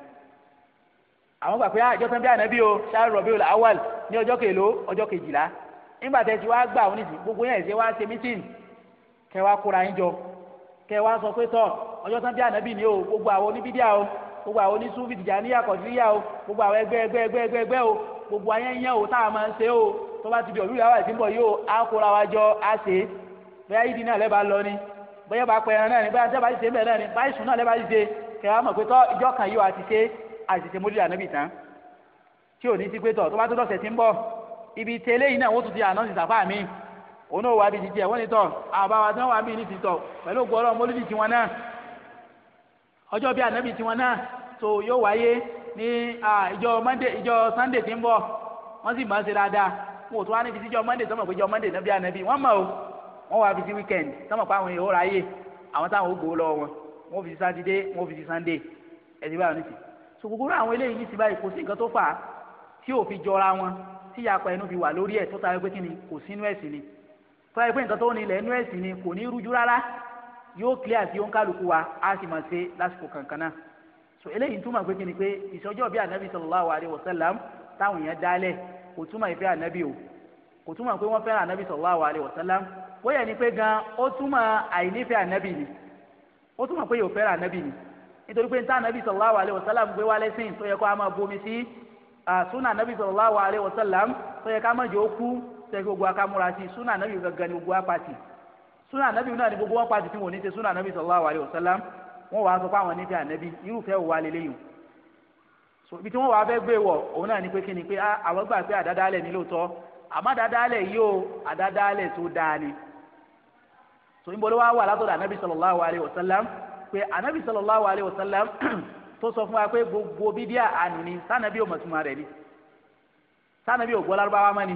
Speaker 1: àwọn gbà pé àjọ ah, o ṣáà rọ̀bíùlù awàlì ní ọjọ́ kèló ọjọ́ kejìlá nígbà tẹ́ ti wá gbà wọn nísìnyí gbogbo yẹn ṣe wá ṣe mítìn kóra gbogbo gbogbo àwọn onísúfì tìjàníyà kọ̀díríyà o gbogbo àwọn ẹgbẹ́ ẹgbẹ́ ẹgbẹ́ ẹgbẹ́ ẹgbẹ́ o gbogbo ayé yẹn o tá a máa ń ṣe o tó bá ti di òlúyà wà síbọ̀ yìí o á kóra wa jọ á ṣe é bẹ́ẹ̀ yìí di náà lẹ́ba lọ ni bẹ́ẹ̀ bá pẹ̀rẹ̀ náà ni bẹ́ẹ̀ tẹ́ bá ti ṣe bẹ́ẹ̀ náà ni báyìí sùn náà lẹ́ba ti ṣe kẹwàá mọ̀ pé tọ́ ìjọ kan yìí wà ti ṣe àṣìṣe mórí ànábì tán tí ò ní sí pé tọ̀ tó bá tó dọ̀sẹ̀ tí ń bọ̀ ibi tẹ́lẹ̀ yìí náà wọ́n tún ti àná ti sàfà mí òun náà wà á di jíjẹ wọ́n ní tọ̀ àbáwá tí wọ́n wà á bí ní ti tọ̀ pẹ̀lú ògbọ́n ọlọ́run mólúdì tiwọn náà ọjọ́ bíi ànábì tiwọn náà tó yóò wáyé ní ìjọ mọ́ndé ìjọ sànńdé tí ń bọ̀ wọ́n sì máa ń ṣe dáadáa wọn ò tún wá níbi tíjọ mọ́ndé sọ́mọ̀ pé ìjọ mọ́ndé náà bí ànábì wọ́n mọ̀ o wọ́n wá fi sí wíkẹ́ǹd sọ́mọ̀ pé àwọn èèyàn ó ra ayé àwọn táwọn ó gbowó lọ́wọ́ wọn wọ́n fi sí sátidé wọ́n fi sànńdé ẹ̀sìn báyọ̀ nìsí so gbogbo àwọn eléyìí ní ti báyìí kò sí nǹkan tó fà á tí ò fi jọra wọn tí yàpá ẹnu fi wà lórí ẹ̀ tó ta ni kò sínú ẹ̀sìn ni tó ta yóò clear sí oníkálukú wa á sì máa ṣe lásìkò kankan náà so eléyìí túmọ̀ pé kí ni pé ìsọjọ́ bí anabi sallallahu alayhi wa sallam táwọn èèyàn dálẹ̀ kò túmọ̀ ìfẹ́ anabi o kò túmọ̀ pé wọ́n fẹ́ràn anabi sallallahu alayhi wa sallam bóyá ni pé gan ó túmọ̀ àìnífẹ́ anabi ni ó túmọ̀ pé yóò fẹ́ràn anabi ni nítorí pé níta anabi sallallahu alayhi wa sallam gbé wálé sí tó yẹ kó a máa bomi sí sunna anabi sallallahu alayhi wa sallam tó yẹ ká máa jẹ́ ó kú tẹ́ gbogbo akamúra sí sunna anabi gangan ni gbogbo apá sí súnà ànábì náà ni gbogbo wọn pa tìtì wọn ní ṣe súnà ànábì sallallahu alaihi wasallam wọn wàá sọ pé àwọn ní ṣe ànábì irúfẹ́ wò so ibi tí wọn wàá fẹ́ gbé wọ̀ òun náà ni pé kíni pé ah, àwọn gbà pé àdádálẹ̀ ní lóòótọ́ àmọ́ àdádálẹ̀ yìí o tó dáa ni so níbo ló wá wà látọ̀dọ̀ ànábì sallallahu alaihi wasallam pé ànábì sallallahu alaihi wasallam tó sọ fún wa pé gbogbo bídíà ànú ni sànàbí ò mọ̀túnmá rẹ̀ ni sànàbí ò gbọ́ lárúbáwá mọ́ ni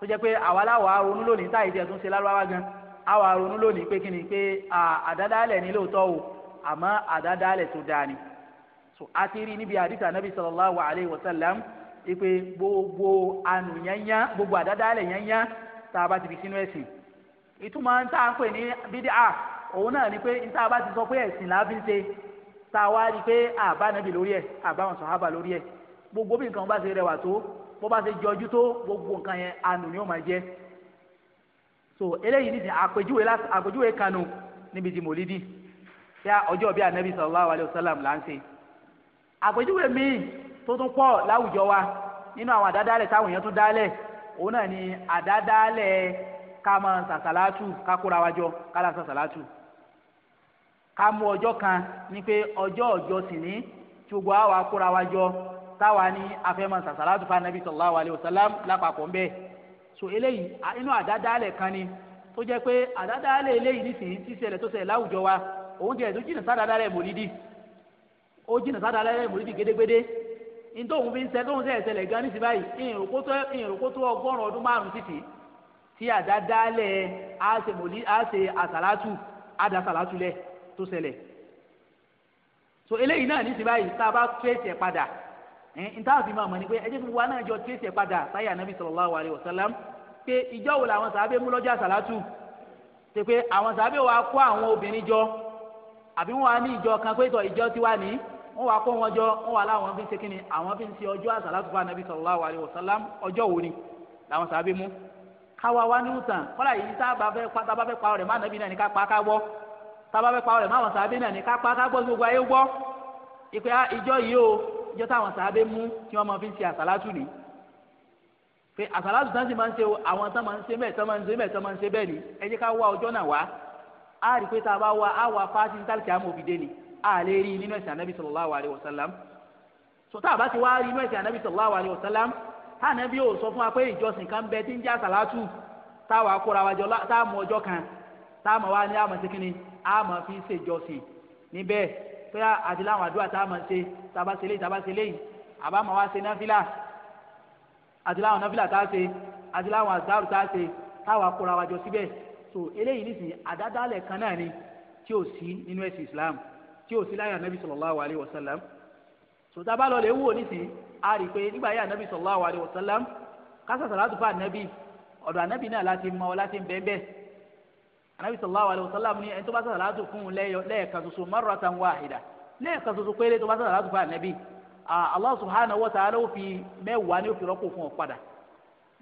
Speaker 1: tó jẹ́ pé àwa láwàá ronú lónìí táyé tiẹ̀ tó ṣe lárúbáwá gan-an awa ronú lónìí pé kí ni pé àdádálẹ̀ ní lóòótọ́ o àmọ́ àdádálẹ̀ tó dáa ni so a ti rí níbi àdìsá nàbí sallallahu alayhi wa sallam ipe gbogbo ànú yányá gbogbo àdádálẹ̀ yányá tá a bá ti fi sínú ẹ̀sìn ìtumọ̀ ń tá a ń pè ní bídíà òun náà ni pé ń tá a bá ti sọ pé ẹ̀sìn làá fi ń ṣe tá a wá rí i pé àbá nàbì lórí ẹ̀ àbá wọn sàhábà lórí ẹ̀ gbogbo bí nǹkan bá ṣe rẹwà tó bó bá ṣe jọjú tó gbogbo nǹkan yẹn ànú ni ó máa jẹ́ so eléyìí nìsín àpèjúwe láti àpèjúwe kanu níbi tí mòlídì yá ọjọ́ bíi anabi sallallahu alayhi wa sallam là ń ṣe àpèjúwe míì tó tún pọ̀ láwùjọ wa nínú àwọn àdádálẹ̀ táwọn èèyàn tún dálẹ̀ òun náà ni àdádálẹ̀ ká máa sàṣàlátù ká kóra wa jọ ká la sàṣàlátù ká mú ọjọ́ kan ní pé ọjọ́ ọjọ́ sì ní tí gbogbo àwa wa jọ táwa ní afẹ́ sàṣàlátù fún anabi sallallahu alayhi wa sallam lápapọ̀ ńbẹ́ẹ́ so eléyìí inú àdádálẹ̀ kan ni tó jẹ́ pé àdádálẹ̀ eléyìí nísìnyí ti ṣẹlẹ̀ tó ṣẹlẹ̀ láwùjọ wa òun jẹ́ ìtújì náà sádádálẹ̀ mòlídì ó jìnnà sádádálẹ̀ mòlídì gédégbédé nítorí òun fi ń ṣẹ tóun ṣẹ̀ ṣẹlẹ̀ gan nísìnyí báyìí ìrìnkótó ọgọ́rùn ọdún márùn títì tí àdádálẹ̀ àṣe àṣàlátù tó so eléyìí náà ntaafi máa mọ̀ ni pé ẹ jẹ́ kí wa náà jọ tíyẹ̀sì padà sáyé anabi sallallahu alayhi wa sallam pé ìjọ wo làwọn sàábé mú lọ́jọ́ àsàlátù ṣe pé àwọn sàábé wa kó àwọn obìnrin jọ àbí wọn wá ní ìjọ kan pé tọ ìjọ tiwa ní wọn wá kó wọn jọ wọn wá láwọn fi ń ṣe kí ni àwọn fi ń ṣe ọjọ́ àsàlátù fún anabi sallallahu alayhi wa sallam ọjọ́ wo ni làwọn sàábé mú káwa wá ní ìtàn kọ́lá yìí sábà fẹ́ tábà fẹ́ pa ọ̀rẹ́ má nàbí náà ní ká pa ká ìjọ táwọn sàábé mú tí wọ́n máa fi ń ṣe àsálátù ni pé àsálátù tán sì máa ń ṣe o àwọn tán máa ń ṣe bẹ́ẹ̀ tán máa ń ṣe bẹ́ẹ̀ tán máa ń ṣe bẹ́ẹ̀ ni ẹ jẹ́ ká wá ọjọ́ náà wá á rí pé tá a bá wá á wá fáti ní tálíkì àmọ́ òfìdé ni á lè rí i nínú ẹ̀sìn anábì sallallahu alaihi wasallam so tá a bá ti wá rí inú ẹ̀sìn anábì sallallahu alaihi wasallam tá anábì yóò sọ fún wa pé ìjọsìn kan bẹ tí ń jẹ́ àsálátù táwa kóra wájọ tá a mọ ọjọ́ kan tá a pé àti láwọn àdúrà tá a máa ṣe tába ṣe léyìí tába ṣe léyìí àbá máa wá ṣe náfìlà àti láwọn náfìlà tá a ṣe àti láwọn àzáàrù tá a ṣe táwa kóra wájọ síbẹ̀ so eléyìí nìsín àdádálẹ̀ kan náà ni tí ò sí nínú ẹ̀sìn Islam tí ò sí láyà nàbì sallallahu alaihi wasallam so tába lọ lè wò nìsín a rí i pé nígbà yà nàbì sallallahu alaihi wasallam kásà sàlátù fún ànàbì ọ̀dọ̀ ànàbì náà láti mọ láti bẹ́ẹ̀ anabi sallallahu alayhi wa sallam ni ẹni tó bá sọ̀rọ̀ láti fún un lẹ́ẹ̀kan ṣoṣo marratan wahida lẹ́ẹ̀kan ṣoṣo péré tó bá sọ̀rọ̀ láti fún anabi allah subhanahu wa ta'ala yóò fi mẹ́wàá ni yóò fi rọ́pò fún ọ padà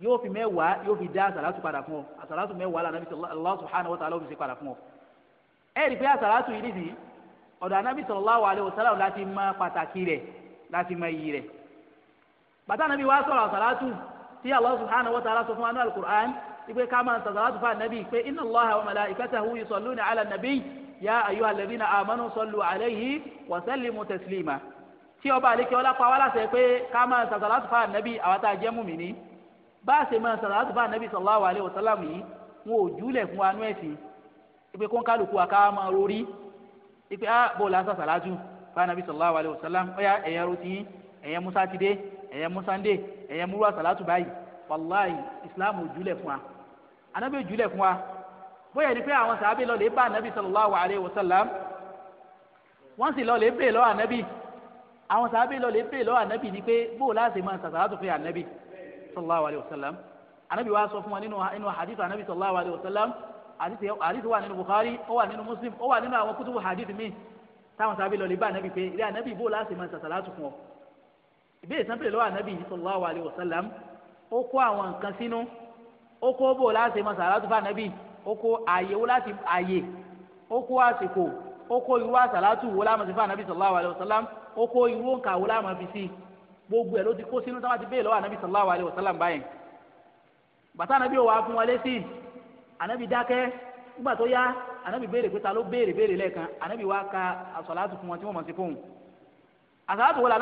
Speaker 1: yóò fi mẹ́wàá yóò fi dá àsàlátù padà fún ọ àsàlátù mẹ́wàá la anabi allah subhanahu wa ta'ala yóò fi ṣe padà fún ọ. ẹ rí i pé àsàlátù yìí nìyí ọ̀dọ̀ anabi sallallahu alayhi wa sallam láti mọ pàtàkì rẹ̀ láti mọ iyì rẹ̀ bàtà anabi wa sọ̀rọ̀ àsàlátù tí allah subhanahu wa ta'ala sọ fún anu al ìgbé ká máa ń sọ̀rọ̀ láti fa nàbí pé inna Allaha wa malaikatahu yusalluna ala nabi ya ayyuhal ladhina amanu sallu alayhi wa sallimu taslima tí ọba àlekè ọlá pa wá láṣẹ pé ká máa sọ̀rọ̀ fa nàbí àwọn tá a jẹ́ mùmíní bá a fa nàbí sallallahu alayhi wa sallam yìí wọn ò júlẹ̀ fún wa nú ẹ̀sìn ìpè kó ń kálukú wa ká máa rori ìpè á fa nàbí sallallahu alayhi wa sallam ọ̀yà ẹ̀yẹ rotin ẹ̀yẹ musátidé ẹ̀yẹ musande ẹ̀yẹ múrú àsàlátù báyìí wàláì ìsìláàmù ò júlẹ̀ fún wa anabi jùlẹ̀ fún wa bóyá ni pé àwọn sàábì lọ lè bá anabi sallallahu alayhi wa sallam wọ́n sì lọ lè bè lọ́wọ́ anabi àwọn sàábì lọ lè bè lọ́wọ́ anabi ni pé bóò láti máa sàtàlátù fún anabi sallallahu alayhi wa sallam anabi wa sọ fún wa nínú nínú hadith anabi sallallahu alayhi wa sallam hadith wà nínú bukhari ó wà nínú muslim ó wà nínú àwọn kutubu hadith mi táwọn sàábì lọ lè bá anabi pé ilé anabi bóò láti máa sàtàlátù fún ọ ìbéèrè sanpere lọ́wọ́ anabi sallallahu alayhi wa sallam ó kó àwọn nǹkan sínú ó kó bò láti mọ sàlátù fànàbí ó kó àyè wó láti àyè ó kó àsìkò ó kó irú àsàlátù wó láwọn sí fànàbí sallallahu alaihi wasallam ó kó irú òǹkà wó láwọn fi sí gbogbo ẹ̀ ló ti kó sínú táwọn ti béè lọ́wọ́ ànàbí sallallahu alaihi wasallam báyẹn bàtà ànàbí ò wá fún wa lésì ànàbí dákẹ́ nígbà tó yá ànàbí béèrè pé ta ló béèrè béèrè lẹ́ẹ̀kan ànàbí wá ka àsàlátù fún wọn tí wọ́n mọ̀ sí fóun àsàlátù wọlé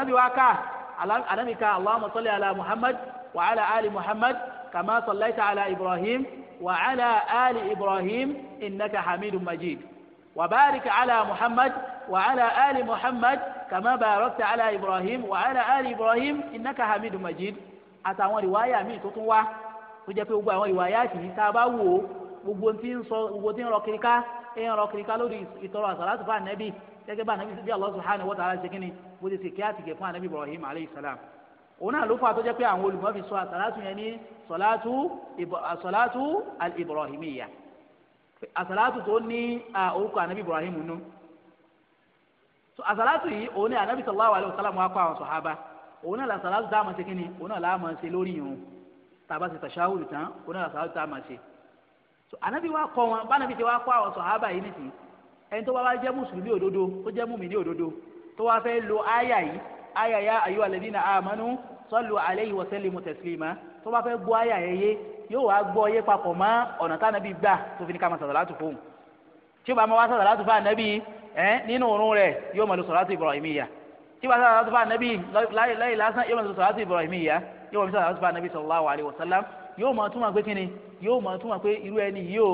Speaker 1: كما صليت على إبراهيم وعلى آل إبراهيم إنك حميد مجيد وبارك على محمد وعلى آل محمد كما باركت على إبراهيم وعلى آل إبراهيم إنك حميد مجيد àtàwọn ìwáyà míì tó tún wá tó jẹ́ pé gbogbo àwọn ìwáyà yìí tá a bá wò ó gbogbo tí ń sọ gbogbo tí ń rọ kiri ká ń rọ kiri ká lórí ìtọrọ àsàlátù fún ànábì gẹ́gẹ́ bá ànábì bí Allah subhanahu wa ta'ala ṣe kí ni bó ti ṣe kí á ti gẹ̀ fún ànábì Ibrahim alayhi salam òun náà ló fà tó jẹ́ pé àwọn olùmọ̀ fi sọ àsàlátù yẹn ní sọ̀látù àsọ̀látù al-Ibrahimiyya àsàlátù tó ní orúkọ ànábì Ibrahim nù àsàlátù yìí òun ní ànábì sallallahu alaihi wasallam wa kọ́ àwọn sọ̀hábà òun náà làsàlátù dáàmà ṣe kínní òun náà làámà ṣe lórí irun tàbá ṣe tàṣáwùrù tán òun náà làsàlátù dáàmà ṣe ànábì wa kọ́ wọn bánábì ti wa kọ́ àwọn sọ̀hábà yìí nìsín ẹni tó bá wá jẹ́ mùsùlùmí òdodo tó jẹ́ mùmí ní òdodo tó wá fẹ́ lo áyà yìí àyà ya ayuha alladhina amanu sallu alayhi wa sallimu taslima tó bá fẹ́ gbọ́ àyà yẹn yé yóò wá gbọ́ yé papọ̀ mọ́ ọ̀nà tá ànábì gbà tó fi ní ká máa sàlátù fóun tí o bá máa wá sàlátù fún ànábì ẹ nínú òórùn rẹ yóò máa lo sàlátù ibrahimiyya tí o bá sàlátù fún ànábì láyé lásán yóò máa lo sàlátù ibrahimiyya yóò máa sàlátù fún ànábì sallallahu alayhi wa sallam yóò máa túmọ̀ pé kíni yóò máa túmọ̀ pé irú ẹni yìí o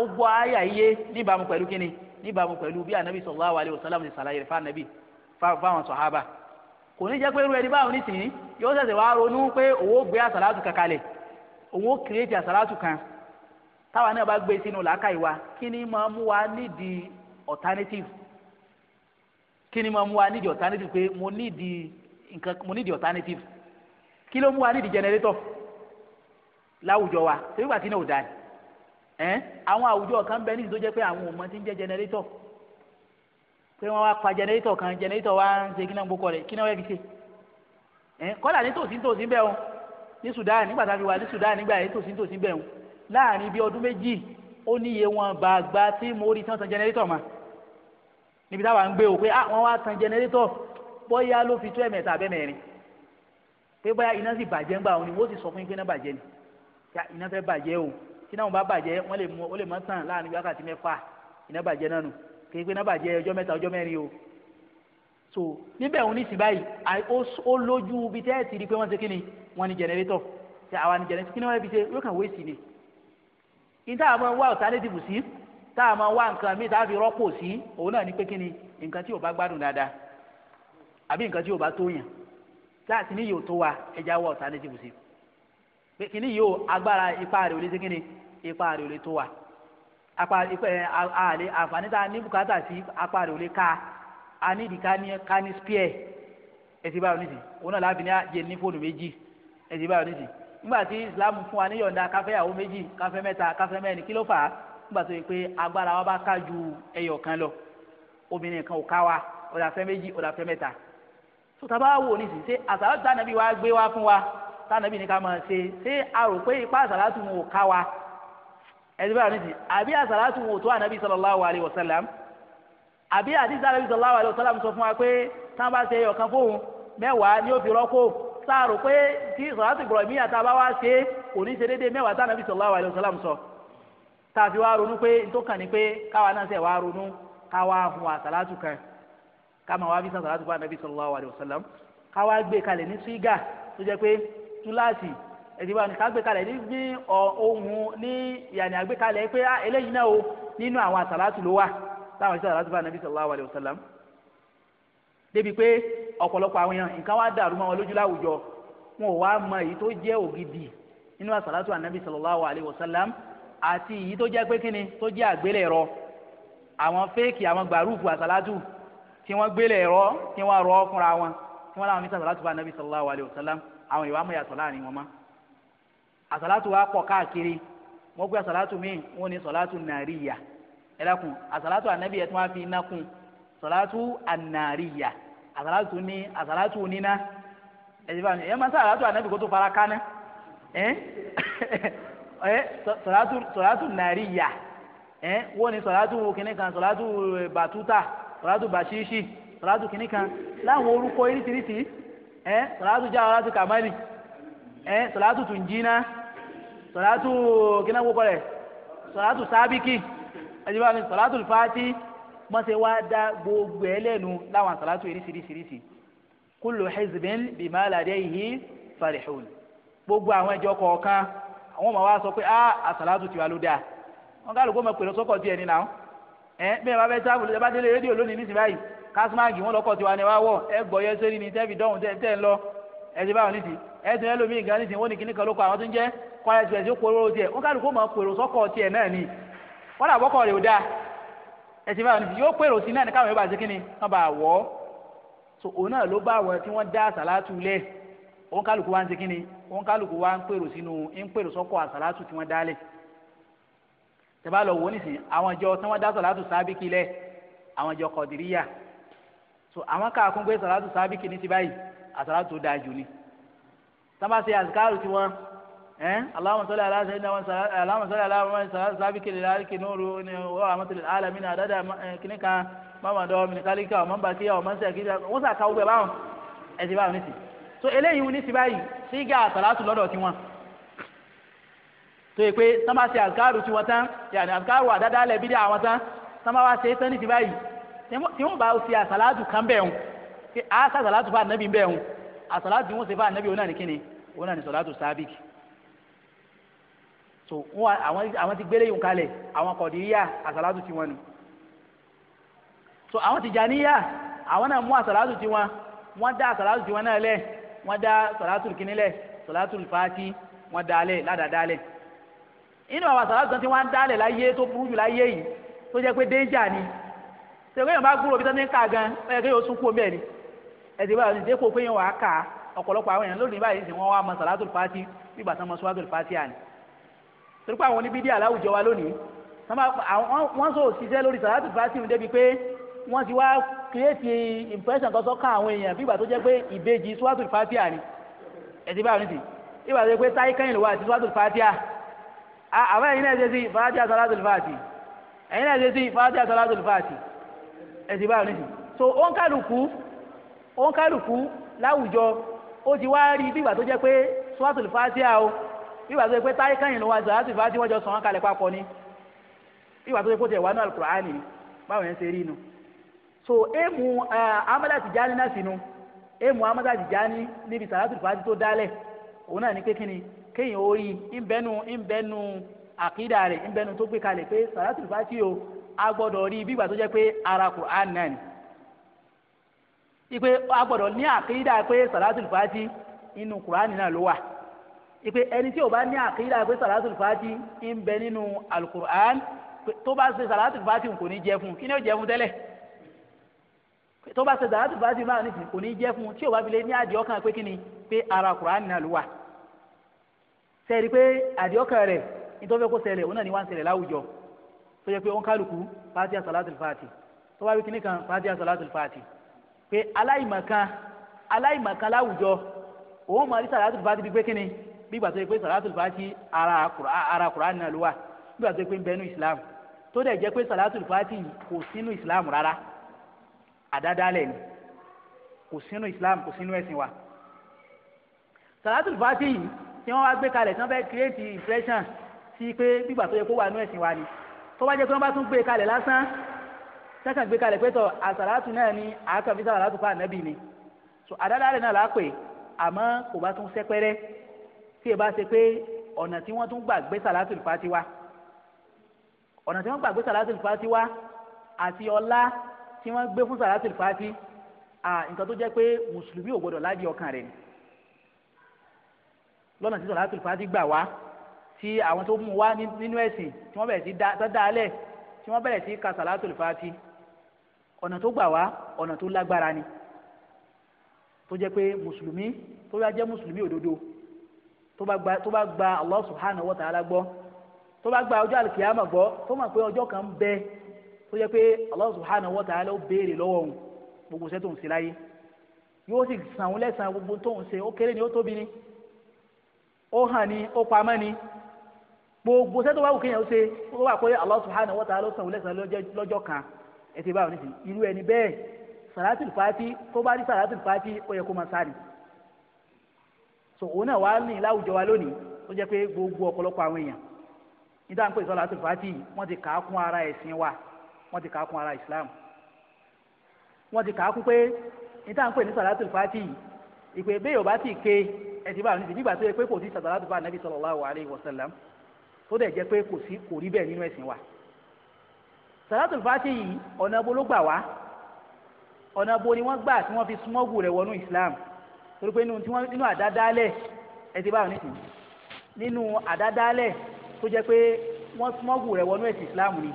Speaker 1: ó gbọ́ àyà yé níbàámu pẹ̀lú kíni níbàámu pẹ̀lú bí ànábì sallallahu alayhi wa sallam ti sàlàyé fún ànábì fáwọn sàhábà kò ní jẹ́ pé irú ẹni báwo nísìnyí yóò ṣẹ̀ṣẹ̀ wá ronú pé òun ó gbé àsàlátù kan kalẹ̀ òun ó kírètì àsàlátù kan táwa náà bá gbé e sínú làákàyè wa kí ni máa mú wa nídìí alternative kí ni máa mú wa nídìí alternative pé mo nídìí nǹkan mo nídìí alternative kí ló mú wa nídìí generator láwùjọ wa ṣé wíwà tí náà ò dáa ẹ àwọn àwùjọ kan bẹ nídìí tó jẹ́ pé àwọn ò mọ tí ń jẹ́ generator pé wọ́n wá pa jẹnẹrétọ̀ kan jẹnẹrétọ̀ wá ń ṣe kíná gbókọ̀ rẹ̀ kíná wẹ́ẹ́ fi ṣe ẹ̀ kọ́là ní tòsí tòsí bẹ́ẹ̀ o ní Sudan nígbà tá a fi wà ní Sudan nígbà yẹn tòsí tòsí bẹ́ẹ̀ o láàrin bíi ọdún méjì ó níye wọn gbàgbà tí mo rí tán tan jẹnẹrétọ̀ mà níbi táwa ń gbé o pé ah, wọ́n wá tan jẹnẹrétọ̀ bóyá ló fi tó ẹ̀mẹ́ta abẹ́mẹ́rin pé bóyá iná sì bàjẹ́ ńgbà òun ni wọ́n sì sọ fún yín bàjẹ́ ni iná fẹ́ bàjẹ́ o tí náà wọn bá bàjẹ́ wọ́n lè mọ tàn láàrin wákàtí mẹ́fà iná bàjẹ́ náà nù kì í pé nábà jẹ́ ọjọ́ mẹ́ta ọjọ́ mẹ́rin o so níbẹ̀ òun ní ìsìn báyìí ó lójú ibi tẹ́ ẹ̀ ti rí pé wọ́n ṣe kí ni wọ́n ní jẹnẹrétọ̀ àwa ní jẹnẹrétọ̀ kí ni wọ́n fi ṣe yóò kàn wé sí ni ìta àwọn wá alternative sí tá a máa wá nǹkan míì tá fi rọ́pò sí òun náà ní pé kí ni nǹkan tí ò bá gbádùn dáadáa àbí nǹkan tí ò bá tó yàn láti ní yóò tó wa ẹja wá alternative sí pé kí ni yóò agbára ipá rẹ̀ ò ni ipá rẹ̀ apá ẹ àlè àǹfààní tá a ní bùkátà sí apá rẹ̀ ò lè ka a ní ìdíkà ní ká ní spear ẹ ti bá wọn nísì òun náà láàbì ní àjẹ ní fóònù méjì ẹ ti bá wọn nísì nígbà tí Islam fún wa ní yọ̀ǹda káfẹ́yàwó méjì káfẹ́ mẹ́ta káfẹ́ mẹ́rin kí ló fà á nígbà tó yẹ pé agbára wa bá ká ju ẹyọ kan lọ obìnrin kan ò ká wa ọ̀dàfẹ́ méjì ọ̀dàfẹ́ mẹ́ta tó tábà wò nísì ṣé àsàlátù tánàbí wa gbé wa fún wa tánàbí ni ká máa ṣe ṣé a ipá àsàlátù wọn ò ká wa ẹni bá mi sì àbí àsàlátù wò tó ànábì sallallahu alayhi wa sallam àbí àdìsí ànábì sallallahu alayhi wa sallam sọ fún wa pé táwọn bá ṣe ọ̀kan fóun mẹ́wàá ni ó fi rọ́pò sáàrò pé tí sàlátù Ibrahimiyya tá a bá wá ṣe kò ní ṣe déédéé mẹ́wàá tá ànábì sallallahu alayhi wa sallam sọ tá a fi ronú pé n tó pé káwa náà ṣe wá ronú káwa hun àsàlátù kan káma wá fi sàlátù fún ànábì sallallahu alayhi wa sallam káwa gbé kalẹ̀ ní sígà tó jẹ́ pé túláàsì ẹ̀dìbò àti kágbékalẹ̀ ní ní ohun ní yàní àgbékalẹ̀ pé ah, eléyìí náà o nínú àwọn àsàlátù ló wà táwọn ìṣe àsàlátù bá nàbí sallallahu alaihi wasallam débi pé ọ̀pọ̀lọpọ̀ àwọn èèyàn nǹkan wá dàrú mọ́ wọn lójú láwùjọ wọn ò wá mọ èyí tó jẹ́ ògidì nínú àsàlátù ànábì sallallahu alaihi wasallam àti èyí tó jẹ́ pé kíni tó jẹ́ àgbélẹ̀rọ àwọn fẹ́ẹ̀kì àwọn gbàrúùfù àsàlátù tí wọ́n gbélé rọ tí wọ́n rọ fúnra wọn tí wọ́n láwọn mítà sàlátù láàrin wọn mọ́. Asalatu wa pọ̀ káàkiri wọ́n gbé àsàlátù míì wọ́n ní sọ̀látù nàríyà ẹ dákun àsàlátù ànábì ẹ̀ tí wọ́n á fi iná kún sọ̀látù ànàríyà àsàlátù ní àsàlátù níná ẹ̀jẹ̀ bá mi ẹ̀ máa sàlátù ànábì kó tó fara káná ẹ̀ ẹ̀ sọ̀látù salatu nàríyà ẹ̀ wọ́n ní sọ̀látù kìnnìkan sọ̀látù bàtútà salatu bàṣíṣì salatu kìnnìkan láwọn orúkọ irísirísi ẹ̀ sọ̀látù jáwọ́ sọ̀látù kàmáàlì ẹ̀ sọ̀látù tùǹjínà sọ̀látù kíná gbogbo rẹ̀ sọ̀látù sábìkì ẹ̀jẹ̀bá mi sọ̀látù fàtì mọ̀sẹ̀ wá dá gbogbo ẹ̀ lẹ́nu láwọn sọ̀látù eríṣiríṣiríṣi kullu hizbin bima ladayhi farihun gbogbo àwọn ẹjọ́ kọ̀ọ̀kan àwọn ọmọ wa sọ pé ah àsàlátù tiwa ló dáa wọn ká lóko mọ pèrè sọkọ tiẹ̀ ní náà ẹ bẹ́ẹ̀ bá bẹ táàbù lẹ bá délé rédíò lónìí nísìnyí báyìí kásímáàgì wọn lọkọ tiwa ni wá wọ ẹ gbọ́ yẹ sẹni ní tẹbi dọhùn tẹ ń lọ ẹ ti báwọn nídìí ẹ̀sìn ẹlòmíì gan nísìnyí wọ́n ní kíní kan ló kọ àwọn tó ń jẹ́ kwara tiẹ̀ tí ó kóró tiẹ̀ wọ́n kálukú máa pèrò sọ́kọ̀ tiẹ̀ náà ni wọ́n dà bọ́kọ̀ rẹ̀ ò dáa ẹ̀sìn báwọn nísìnyí yóò pèrò sí náà ní káwọn yóò bá ṣe kíni wọ́n bá wọ̀ so òun náà ló bá àwọn tí wọ́n dá àsàlátù lẹ̀ wọ́n kálukú wá ń ṣe kíni wọ́n kálukú wá ń pèrò sínú ń pèrò sọ́kọ̀ àsàlátù tí wọ́n dá lẹ̀ tẹ́bá lọ wò nísìnyí àwọn ìjọ tí wọ́n dá sàlátù sábìkì lẹ̀ àwọn ìjọ kọ̀dìríyà so àwọn káàkùn pé sàlátù sábìkì ní ti báyìí àsàlátù tó dáa jù ni sábà ṣe àzikáàrù tiwọn ẹn aláwọ̀sọ́lẹ̀ aláṣẹ aláwọ̀sọ́lẹ̀ aláwọ̀sọ́lẹ̀ sábìkì lẹ́láríkì nóòrò ní ọwọ́ àmọ́tẹ̀lẹ̀ alámi náà dáadáa kìnnìkan mọ́mọ́dọ́ mìnìkálíkà ọ̀mọ́bàkíyà ọ̀mọ́sẹ̀kíyà wọ́n sà káwọ́ bẹ̀ báwọn ẹ̀sìn báwọn ní ti so eléyìí wọn ní ti báyìí sígá àtàlátù lọ́dọ̀ tiwọn tó yẹ pé sábà ṣe àzikáàrù tiwọn tán yàrá àzikáàrù àdáadáa lẹ̀ se àwọn tán sábà wá ṣe é tán ní ti báyìí tí wọ́n bá ṣe àtàlátù kan bẹ̀ àsàlátù wọn ṣe fún ànábì onáà ní kíni onáà ní sọ̀látù so wọn àwọn àwọn ti gbélé yìí kalẹ̀ àwọn kọ̀díríyà àsàlátù tiwọn ni so àwọn tìjàníyà àwọn náà mú àsàlátù tiwọn wọ́n dá àsàlátù tiwọn náà lẹ̀ wọ́n dá sọ̀látù kíní lẹ̀ sọ̀látù fàátì wọ́n dá lẹ̀ ládàá lẹ̀ inú àwọn àsàlátù tán tí wọ́n dá lẹ̀ láyé tó burú jù láyé yìí tó jẹ́ pé déńjà ni ṣèwéyàn bá gbúrò bí tán ti ń kà gan ẹ̀ kéèyàn ó tún omi ẹ̀ ni ẹ̀sìn báyìí ọ̀sìn dẹ́kọ̀ pé yẹn wàá kà á ọ̀pọ̀lọpọ̀ àwọn èèyàn lónìí báyìí sì wọ́n wá masalatu fati nígbà tí wọ́n mọ sọ́wọ́dù fati àná torí pé àwọn oníbídìí aláwùjọ wa lónìí wọ́n sọ òṣìṣẹ́ lórí salatu fati débi pé wọ́n ti wá kírètì impression kan sọ́kàn àwọn èèyàn bí ìgbà tó jẹ́ pé ìbejì sọ́wọ́dù fati àná ẹ̀sìn báyìí ọ̀sìn ìgbà tó jẹ́ pé táyé kẹ́yìn ló wà àti sọ́wọ́dù fati à àwọn ẹ̀yin náà ṣe sí fati àsalatu fati ẹ̀yin náà so ó ń òun kálukú láwùjọ ó ti wá rí bí ìgbà tó pé sùwàtúlù fàtíà o bí ìgbà tó pé táyé káyìn ló wá sùwàtúlù fàtíà wọ́n jọ sàn án kalẹ̀ ni bí ìgbà tó jẹ́ pé ó tiẹ̀ wá náà al nu so emu Amada Tijani náà sínú emu Amada Tijani níbi sàlátùlù tó òun náà ní pé kíni àkídà tó gbé pé a rí bí ìgbà ipe a gbọ́dọ̀ ní àkídà pé sàlátùl fàájì inú kùránì náà ló wà ipe ẹni tí ó bá ní àkídà pé sàlátùl fàájì ń bẹ nínú alukur'an tó bá ṣe sàlátùl fàájì kò ní jẹ fún kí ni ó jẹ fún tẹ́lẹ̀ tó bá ṣe sàlátùl fàájì máa nìsín kò ní jẹ fún tí ó bá fi lé ní àdìọ́ kan pé kí ni pé ara kùránì náà ló wà sẹ́ẹ̀rí pé àdìọ́ kan rẹ̀ nítorí kó ṣẹlẹ̀ òun náà ni wá ń ṣẹlẹ̀ láwùjọ tó yẹ pé ó ń kálukú fàájì sàlátùl fàájì tó bá rí kíní kan fàájì sàlátùl fàájì pé aláìmọ̀kan aláìmọ̀kan láwùjọ òun máa rí sàlátùl fàtì bíi pé kíni bí ìgbà tó yẹ pé sàlátùl fàtì ara Kùránì náà ló wà bí ìgbà tó yẹ pé ń bẹ nú Islam tó dẹ̀ jẹ́ pé sàlátùl fàtì kò sínú Islam rárá àdádálẹ̀ ni kò sínú Islam kò sínú ẹ̀sìn wa sàlátùl fàtì yìí tí wọ́n wá gbé kalẹ̀ tí wọ́n fẹ́ create impression sí pé bí ìgbà tó yẹ kó wà nú ẹ̀sìn wa ni tó bá jẹ́ pé wọ́n bá tún gbé kalẹ̀ lásán kákan gbé kalẹ̀ pé tọ̀ àsàlátù náà ni àákànfin sàlátù fún ànábì ni so àdádálẹ̀ náà lápè àmọ́ kò bá tún sẹ́pẹ́rẹ́ tí ẹ bá ṣe pé ọ̀nà tí wọ́n tún gbà gbé sàlátù fàtí wá ọ̀nà tí wọ́n gbà gbé sàlátù fàtí wá àti ọlá tí wọ́n gbé fún sàlátù fàtí nǹkan tó jẹ́ pé mùsùlùmí ò gbọdọ̀ láàyè ọkàn rẹ̀ ni lọ́nà tí sàlátù fàtí gbà wá tí àwọn tó mú wá nínú ẹ̀sìn tí wọ́n bẹ̀rẹ̀ sí dáa lẹ̀ tí wọ́n bẹ̀rẹ̀ sí ka sàlátù fàtí ọ̀nà tó gbà wá ọ̀nà tó lágbára ni tó jẹ́ pé mùsùlùmí tó bá jẹ́ mùsùlùmí òdodo tó bá gba Allah subhanahu wa ta'ala gbọ́ tó bá gba ọjọ́ àlùkìyàmà gbọ́ tó mọ̀ pé ọjọ́ kan bẹ tó jẹ́ pé Allah subhanahu wa ta'ala ó béèrè lọ́wọ́ òun gbogbo iṣẹ́ tó ń ṣe láyé yóò sì san òun lẹ́san gbogbo tó ń ṣe ó kéré ni ó tóbi ni ó hàn ni ó pamọ́ ni gbogbo iṣẹ́ tó bá wù kéèyàn ó ṣe ó wà pé Allah subhanahu wa ta'ala ó san òun lẹ́san lọ́jọ́ kan ẹ ti báwọn nísìnyí irú ẹni bẹ́ẹ̀ salatul fati tó bá rí salatul fati ó yẹ kó máa sáré so òun náà wàá ní láwùjọ wa lónìí ó jẹ́ pé gbogbo ọ̀pọ̀lọpọ̀ àwọn èèyàn níta ń pè salatul fati wọ́n ti kà á kún ara ẹ̀sìn wa wọ́n ti kà á kún ara islam wọ́n ti kà á kún pé níta ń pè ní salatul fati ìpè bẹ́ẹ̀ ò bá ti ké ẹ ti báwọn nísìnyí nígbà tó yẹ pé kò sí salatul fati nabi sallallahu alayhi wa sallam tó dẹ̀ jẹ́ salatul fati yìí ọ̀nà bo ló gbà wá ọ̀nà bo ni wọ́n gbà tí wọ́n fi smọ́gù rẹ̀ wọnú islam torí pé nínú àdádálẹ̀ ẹ ti báwọn nísìnyí nínú àdádálẹ̀ tó jẹ́ pé wọ́n smọ́gù rẹ̀ wọnú ẹ̀sìn islam ni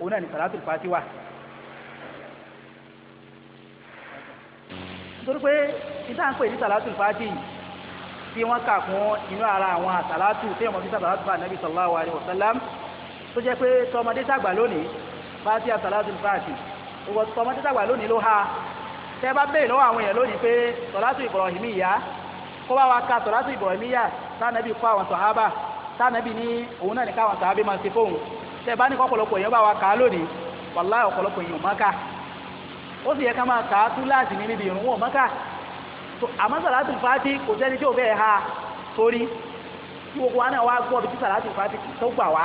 Speaker 1: òun náà ni salatul fati wà. torí pé níta ń pè ní salatul fati yìí tí wọ́n kà fún inú ara àwọn salatu tí wọ́n fi sàlátù fún anabi sallallahu alayhi tó jẹ́ pé tọmọdé tàgbà lónìí fàtí àtàlátì fàtì ìwọ tọmọdé tàgbà lónìí ló ha tẹ bá bẹ́ẹ̀ lọ́wọ́ àwọn èèyàn lónìí pé sọ̀látù ìbọ̀rọ̀hìmí ìyá kó bá wa ka sọ̀látù ìbọ̀rọ̀hìmí ìyá tánàbí kó àwọn sọ̀hábà tánàbí ní òun náà ní káwọn sọ̀hábà máa ṣe fóun tẹ bá ní kọ́pọ̀lọpọ̀ èèyàn bá wa kà á lónìí wàláhì ọ̀pọ̀lọpọ̀ èèyàn mọ́ká ó sì yẹ ká máa kà tí ha torí kí gbogbo wa náà wá gbọ́ bí tí sọ̀látù fàtì tó gbà wá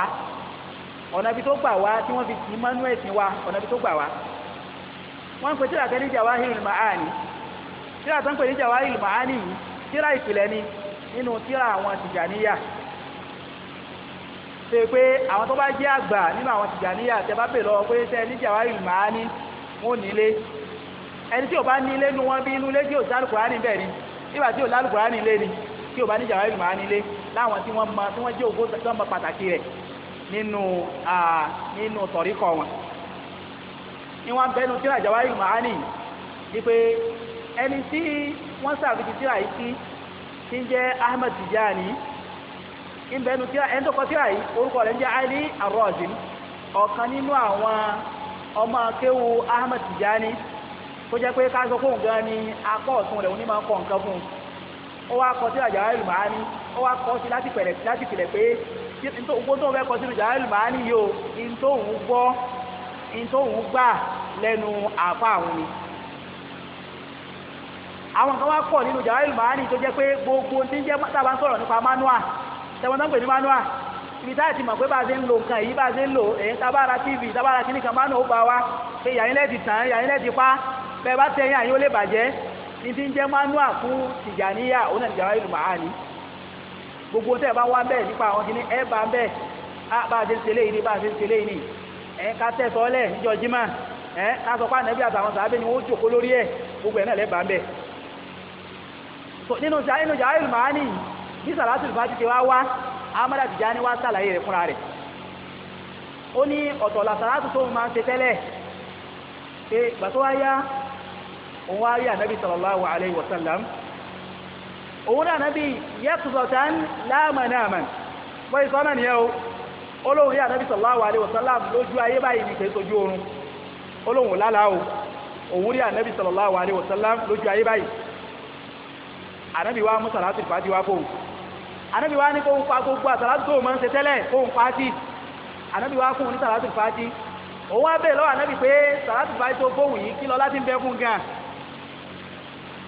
Speaker 1: ọ̀nà ibi tó gbà wá tí wọ́n fi kì í mọ́nú ẹ̀sìn wa ọ̀nà ibi tó gbà wá wọ́n ń pè tíra tẹ́lẹ̀ Jawahirul Ma'ani tíra tó ń pè ní Jawahirul Ma'ani yìí tíra ìpìlẹ̀ ni nínú tíra àwọn Tìjàníyà ṣe pé àwọn tó bá jẹ́ àgbà nínú àwọn Tìjàníyà tẹ bá pè lọ́wọ́ pé tẹ́ ní Jawahirul Ma'ani wọn ò nílé ẹni tí ò bá nílé nu wọn bí inú ilé tí ò sálùkùránì bẹ́ẹ̀ ni nígbà tí ò sálùkùránì lé ni tí ò bá ní Jawahirul Ma'ani lé láwọn tí wọ́n mọ tí wọ́n jẹ́ ògbó tí wọ́n mọ pàtàkì rẹ̀ nínú nínú tọ̀ríkọ̀ wọn ni wọ́n bẹ́nu tíra Ma'ani ni pé ẹni tí wọ́n sàfihàn tíra yìí sí ń jẹ́ Ahmad Tijani ń bẹ́nu tíra ẹni tó kọ tíra yìí orúkọ rẹ̀ ń Ali ar ọ̀kan nínú àwọn ọmọ akéwu Ahmad Tijani tó jẹ́ pé ká sọ fóun gan ni akọ́ ọ̀tún rẹ̀ onímọ̀ nǹkan kọ tíra Ma'ani ó kọ sí láti gbogbo tó ń fẹ́ kọ sínú jàǹdà máa ní yóò in tó ń gbọ́ in tó gbà lẹ́nu àfa àwọn ni àwọn kan wá pọ̀ nínú jàǹdà máa ní tó jẹ́ pé gbogbo tí ń jẹ́ sábà ń sọ̀rọ̀ nípa manua tẹ̀wọ́n tó pè ní manua ibi táyà ti mọ̀ pé bá a ṣe ń lo nǹkan èyí bá a ṣe ń lò èyí tábàrà tv tábàrà kíní kan mánú ó bá wa pé yàyín lẹ́ẹ̀dì tàn yàyín lẹ́ẹ̀dì pa bẹ́ẹ̀ bá tẹ̀yìn àyín ó lè bàjẹ́ ní ti ń jẹ́ mánú àkú tìjàníyà òun náà tìjàníyà ìlú màá ní gbogbo tẹ́ ẹ bá wá bẹ́ẹ̀ nípa àwọn kìíní ẹ bá bẹ́ẹ̀ bá a ṣe ń tẹ̀lé yìí ni bá a ṣe ń tẹ̀lé yìí ni ẹ ká tẹ̀ sọ́lẹ̀ níjọ́ jimá ẹ ká sọ pé ànábì àtàwọn sàábẹ́ ni wọ́n jòkó lórí ẹ̀ gbogbo ẹ̀ náà lẹ́ bá ń bẹ̀. nínú nínú jàáìlì màání bí sàlátì ìfà ti ṣe wá wá amada Tijani wá sàlàyé rẹ̀ fúnra rẹ̀ ó ní ọ̀tọ̀ la sàlátì tó máa ń ṣe tẹ́lẹ̀ pé gbàtọ́ wá òun wá rí ànábì sallallahu alaihi wasallam òun náà nábi yẹ́kùsọ̀tán láàmànàmàn wọ́n ìsọ́ náà nìyẹ́ o olóhùn yà nábi sallallahu alaihi wasallam lójú ayé báyìí ní kèé sojú oorun olóhùn lálàá o òun rí ànábi sallallahu alaihi wasallam lójú ayé báyìí ànábi wa mú sàlátì fàájì wá fóun ànábi wa ní kóun pa gbogbo àsàlátì tó máa ń ṣe tẹ́lẹ̀ kóun pàájì ànábi wa fóun ní sàlátì fàájì òun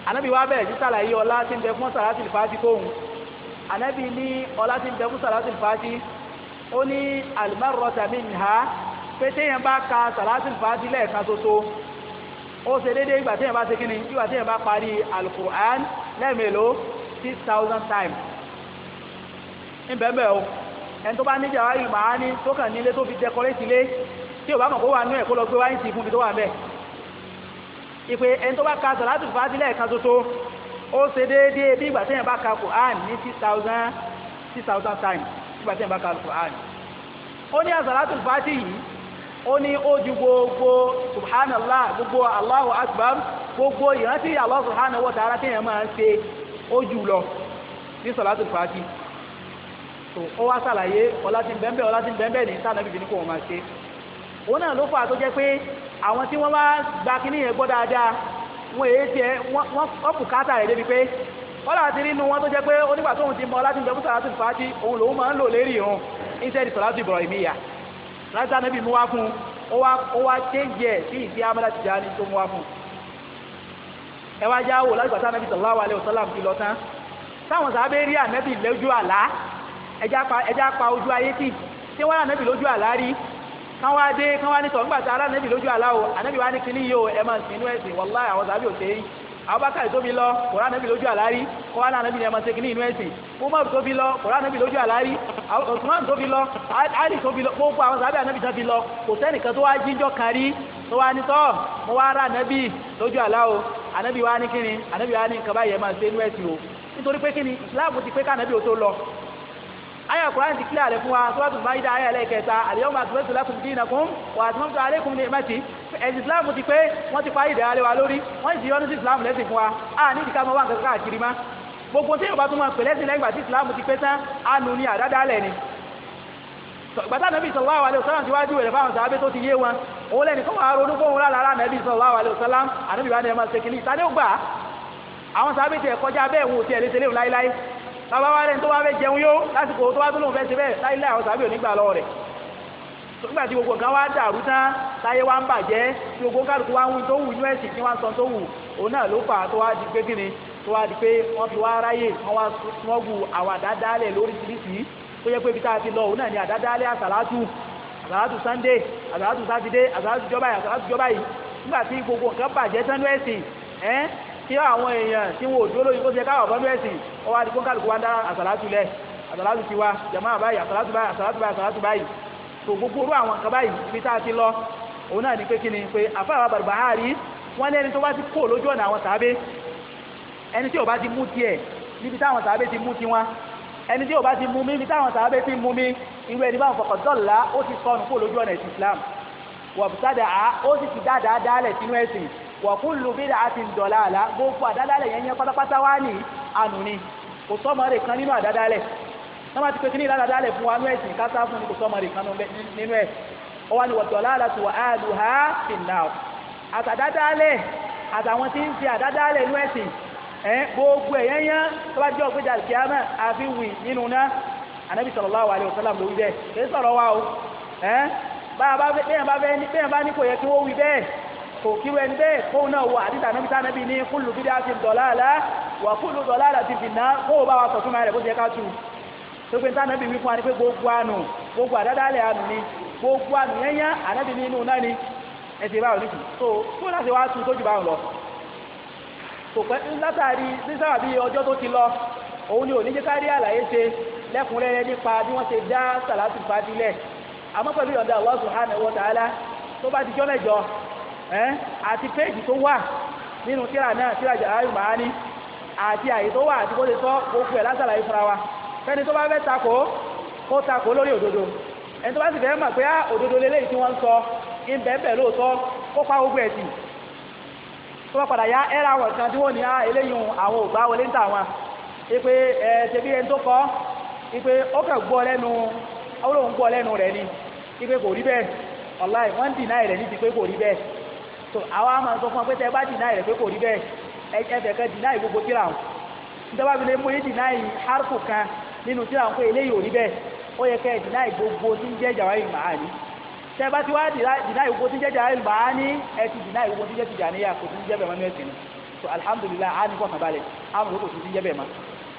Speaker 1: anabi wa bẹ̀rẹ̀ sí sàlàyé ọlá tí ń bẹ fún sàlátìl fàájì fóun anabi ní ọlá tí ń bẹ fún sàlátìl fàájì ó ní alimarota minha pé téèyàn bá ka sàlátìl fàájì lẹ́ẹ̀kan ṣoṣo ó ṣe déédéé ìgbà téèyàn bá ṣe kíni ìgbà téèyàn bá parí alukur'an lẹ́ẹ̀mélòó six thousand times nbẹ̀bẹ̀ o ẹni tó bá níjà wáyé màá ní tó kàn nílé tó fi dẹkọrẹ́tì lé tí ò bá mọ̀ kó wà nú ẹ̀ kó lọ gbé wáyé ìpè ẹni tó bá ka sọ̀látù fàájì lẹ́ẹ̀kan tó tó ó ṣe déédéé bí ìgbà tẹ́yìn bá ka Quran ní times ìgbà bá Quran ó ní yìí ó ní ó ju gbogbo subhanallah gbogbo allahu akbar gbogbo ìrántí Allah subhanahu wa ta'ala máa ń ṣe ó jù lọ ní ó wá sàlàyé òun náà ló fà tó jẹ́ pé àwọn tí wọ́n bá gba kíní yẹn gbọ́ dáadáa wọn èyí tiẹ̀ wọ́n bùkátà rẹ̀ débi pé wọ́n láti rí inú wọn tó jẹ́ pé onígbà tóun ti mọ láti ń bẹ fún sàlátì fàájì òun lòun máa ń lò lérí òun instead sàlátì Ibrahimiyya láti ànábì mú wá fún un ó wá change ẹ̀ sí ìdí amọ́lá ti jáde tó mú wá fún un ẹ wá já wò láti gbàtà ànábì sallallahu alaihi wasallam ti lọ tán táwọn sábẹ́ rí ànábì lójú àlá ẹja pa ojú ayé tì tí wọ́n rà ànábì lójú àlá rí kán wá dé kán wá ní sọ nígbà tí alánàbì lójú aláwo ànábì wá ní kíní yìí o ẹ máa sìn inú ẹ̀sìn wàláhì àwọn sàbí ò sẹ́yìn abubakar tóbi lọ kòrán nàbì lójú àlárí kọ́wá náà nàbì ní ẹmọ segin ní inú ẹ̀sìn umar tóbi lọ kòrán nàbì lójú àlárí osman tóbi lọ ali tóbi lọ gbogbo àwọn sábẹ́ ànábì tóbi lọ kò sẹ́nìkan tó wá jíjọ́ kárí tó wá nítọ́ mo wá rà nàbì lójú àlá o wá ní kíni ànábì wá ní nǹkan báyìí ti pé ká ànábì ò aya Qur'an ti kílẹ̀ fún wa suratul Maida aya ẹlẹ́kẹta al-yawma akmaltu lakum dinakum wa atmamtu alaykum ni'mati ẹ̀sìn islam ti pé wọ́n ti parí ìdára wa lórí wọ́n ti yọ́nú sí islam lẹ́sìn fún wa a ní ìdíkà mọ́ wà nǹkan káàkiri má gbogbo tí yorùbá tún máa pè lẹ́sìn lẹ́gbàá tí islam ti pé tán a nù ní àdádálẹ̀ ni gbàtà nàbí sallallahu alaihi wasallam ti wá júwèé fáwọn sàábé tó ti yé wọn òun lẹ́ni kọ́wọ́ aronú fóun rà lára nàbí sallallahu alaihi wasallam ànábì bá ní ẹ̀ máa ṣe kìnnì ìtàdé ó gbà àwọn sàábé o kọjá bẹ́ẹ̀ wò tiẹ̀ lé tẹ́lẹ̀ láíláí bàbá wa rẹ̀ tó bá fẹ́ jẹun yó lásìkò tó bá tó lóun fẹ́ ṣe bẹ́ẹ̀ láyé láyé ọ̀sán àbí onígbà lọ́wọ́ rẹ̀ nígbà tí gbogbo nǹkan wá dàrú tán láyé wá ń bàjẹ́ tí gbogbo kálukú wá ń wí tó wù inú ẹ̀sìn kí wọ́n san tó wù òun náà ló fà á tó wá di pé kíni tó wá di pé wọ́n fi wá ráyè wọ́n wá smọ́gù àwọn àdádálẹ̀ lóríṣiríṣi tó yẹ pé ibi tá a ti lọ òun náà ni àdádálẹ̀ àsàlátù àsàlátù Sunday àsàlátù sátidé àsàlátù jọba yìí àsàlátù jọba yìí nígbà tí gbogbo nǹkan bàjẹ́ sánú ẹ̀sìn kí àwọn èèyàn tí wọn ò dúró lórí kó ṣe káwọn ọ̀bọ̀n bẹ́ẹ̀ sì ó wá di kó kálukú wá ń dá àsàlátù lẹ̀ àsàlátù ti wá jàmáà báyìí àsàlátù báyìí àsàlátù báyìí àsàlátù báyìí tó gbogbo orú àwọn nǹkan báyìí ibi tá a ti lọ òun náà ni pé kí ni pé àfáàwà Barbahari wọ́n ní ẹni tó bá ti kó lójú ọ̀nà àwọn sàábé ẹni tí ò bá ti mú tiẹ̀ níbi táwọn sàábé ti mú tiwọn ẹni tí ò bá ti mú mi níbi táwọn sàábé ti mú mi irú ẹni báwọn fọkàn dọ́là ó ti sọnù kó lójú ọ̀nà ẹ̀sìn Islam wọ̀bùsádà á ó sì ti dáadáa dálẹ̀ sínú ẹ̀sìn wa kullu bid'atin dalala gbogbo àdádálẹ̀ yẹn yẹn pátápátá wá ní ànú ni kò sọ́mọ rẹ̀ kan nínú àdádálẹ̀ sọ́mọ ti pé kí ní ìdádálẹ̀ fún wa nú ẹ̀sìn kásá fún ni kò sọ́mọ rẹ̀ kan nínú ẹ̀ ọ wá ní wa dalalatu wa ahluha fin-nar àtàdádálẹ̀ àtàwọn tí ń fi àdádálẹ̀ nú ẹ̀sìn gbogbo ẹ̀yẹ́ yẹn tó bá jẹ́ òpéjà kí kò kíwé ń bẹ́ẹ̀ kóun náà wọ àdìsá níbi tá níbi ní kúlù bídí á ti dọ̀láàlá wà kúlù dọ̀láàlá ti fìnná kó o bá wa sọ̀tún rẹ̀ bó ṣe ká tù tó pé tá níbi wí fún ni pé gbogbo àánú gbogbo àdádálẹ̀ àánú ni gbogbo àánú yẹn yá ànábì nínú náà ni ẹsẹ̀ báwọn nìkú tó kó láti wá tu tó jù báwọn lọ kò pẹ́ látàrí sísáwà bíi ọjọ́ tó ti lọ òun ni ò ní jẹ́ ká rí àlàyé ṣe lẹ́kùnrẹ́rẹ́ nípa bí wọ́n ṣe dá Allah subhanahu wa ta'ala tó bá ti jọ́ ẹ́ àti péjì tó wà nínú tíra náà tíra jàrá ìgbà ní àti àyí tó wà àti bó ṣe sọ ẹ̀ lásàlàyé fúnra wa fẹ́ni tó bá fẹ́ takò kó takò lórí òdodo ẹni tó bá sì fẹ́ mọ̀ pé ah, òdodo lélẹ́yìí tí wọ́n sọ ìbẹ̀ẹ̀bẹ̀ lóòótọ́ pa ẹ̀ padà yá àwọn kan tí wọ́n ní ah, àwọn ògbà wọlé ń tà wọn ipe ẹ̀ tẹ̀bí ipe ó gbọ́ lẹ́nu gbọ́ lẹ́nu rẹ̀ ni ipe kò rí bẹ́ẹ̀ wọ́n ń rẹ̀ ní tó àwa máa sọ fún ọ pé tẹ bá dìnáì rẹ̀ pé kò rí bẹ́ẹ̀ ẹfẹ̀ kan dìnáì gbogbo tíra wọn ìjọba fi lè mú yín dìnáì hárùkù kan nínú tíra wọn pé eléyìí ò rí bẹ́ẹ̀ ó yẹ kẹ́ dìnáì gbogbo tí ń jẹ́ jàwáyé màání tẹ bá ti wá dìnáì gbogbo tí ń jẹ́ jàwáyé màání ẹ ti dìnáì gbogbo tí ń jẹ́ tìjàníyà kò tí ń jẹ́ bẹ̀ mọ́ mẹ́sìn ni so alhamdulillah a ní kọkàn balẹ̀ a mọ̀ kò tí ń jẹ́ bẹ̀ mọ́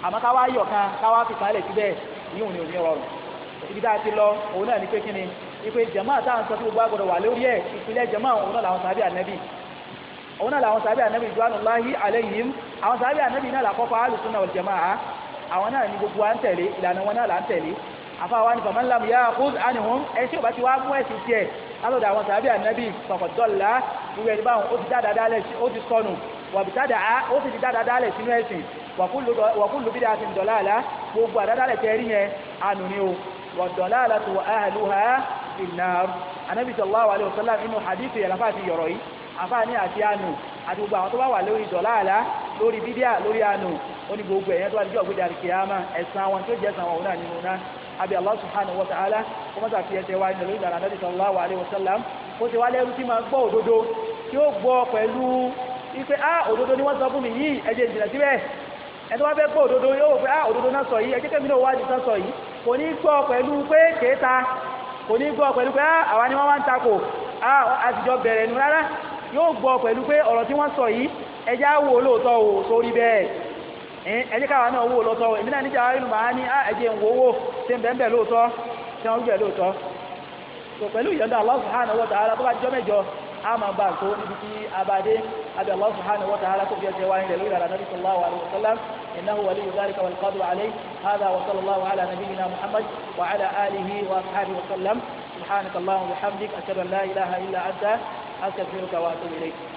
Speaker 1: àmọ́ ká wá yọ̀ kan ká wá fi kan ipe jama táà ń sọ fún gbogbo agbọ̀dọ̀ wà lórí ẹ̀ ìpìlẹ̀ jama òun náà làwọn sàbí ànẹ́bì òun náà làwọn sàbí ànẹ́bì ridwanullahi alayhim àwọn sàbí ànẹ́bì náà làkọ́kọ́ alùsùnà wal jamaa àwọn náà ní gbogbo à ń tẹ̀lé ìlànà wọn náà là ń tẹ̀lé àfáwa ní faman lam ya'khudh anhum ẹtí òbá ti wá mú ẹ̀sìn tiẹ̀ alọ́dọ̀ àwọn sàbí ànẹ́bì faqad dalla gbogbo ẹni báwọn ó ti dáadáa dálẹ̀ ó ti sọnù wàbítàdà á ó sì ti dáadáa dálẹ̀ sínú ẹ̀sìn wàkúlù bídà àti ìdọ̀lá àlá gbogbo àdádálẹ̀ tẹ́rí yẹn ànú o wàdọ̀lá àlá tó wà áhàlú ha fi nnar anabi sallallahu alayhi wa sallam inú hadith yẹn lafa ti yọrọ yìí afa ni àti anu àti gbogbo àwọn tó bá wà lórí dọ̀láàlá lórí bídíà lórí anu ó ní gbogbo ẹ̀yẹn tó wà níjọ́ ògbéjà kìáma ẹ̀sán wọn tó jẹ́ ẹ̀sán wọn òun náà nínú náà abi allah subhanahu wa ta'ala kó má sàfi ẹsẹ̀ wa nílò ìlànà anabi sallallahu alayhi wa sallam ó ti wá lẹ́rú tí máa gbọ́ òdodo tí ó gbọ́ pẹ̀lú ife a ah, òdodo ni wọ́n sọ fún mi yìí ẹ̀jẹ̀ ìjìnlẹ̀ síbẹ̀ ẹni wọ́n fẹ́ gbọ́ òdodo yóò wò pé a ah, òdodo náà sọ yìí ẹ̀jẹ̀ kẹ́mi náà wá di sọ yìí kò ní gbọ́ pẹ̀lú pé kéta kò ní gbọ́ pẹ̀lú pé ah, àwa ni wọ́n wá ń takò àtijọ́ ah, bẹ̀rẹ̀ nù rárá yóò gbọ́ pẹ̀lú pé ọ̀rọ̀ tí wọ́n sọ yìí ẹjá wo lóòótọ́ o sórí bẹ́ẹ̀ ẹjẹ́ náà wo lóòótọ́ o èmi níjà inú màá ní ah, ẹjẹ́ ń wowó tí ń bẹ̀ ń bẹ̀ lóòótọ́ tí wọ́n ń bẹ̀ lóòótọ́ pẹ̀lú ìyọ̀ndà ama bá ko níbi tí abade abi Allah subhanahu wa ta'ala kó fi ẹsẹ̀ wáyé lórí ìlànà nabi sallallahu alaihi wa sallam innahu waliyu dhalika wal qadru alayhi hadha wa sallallahu ala nabiyyina muhammad wa ala alihi wa ashabihi wa sallam subhanaka allahumma wa bihamdik ashhadu an la ilaha illa anta astaghfiruka wa atubu ilayk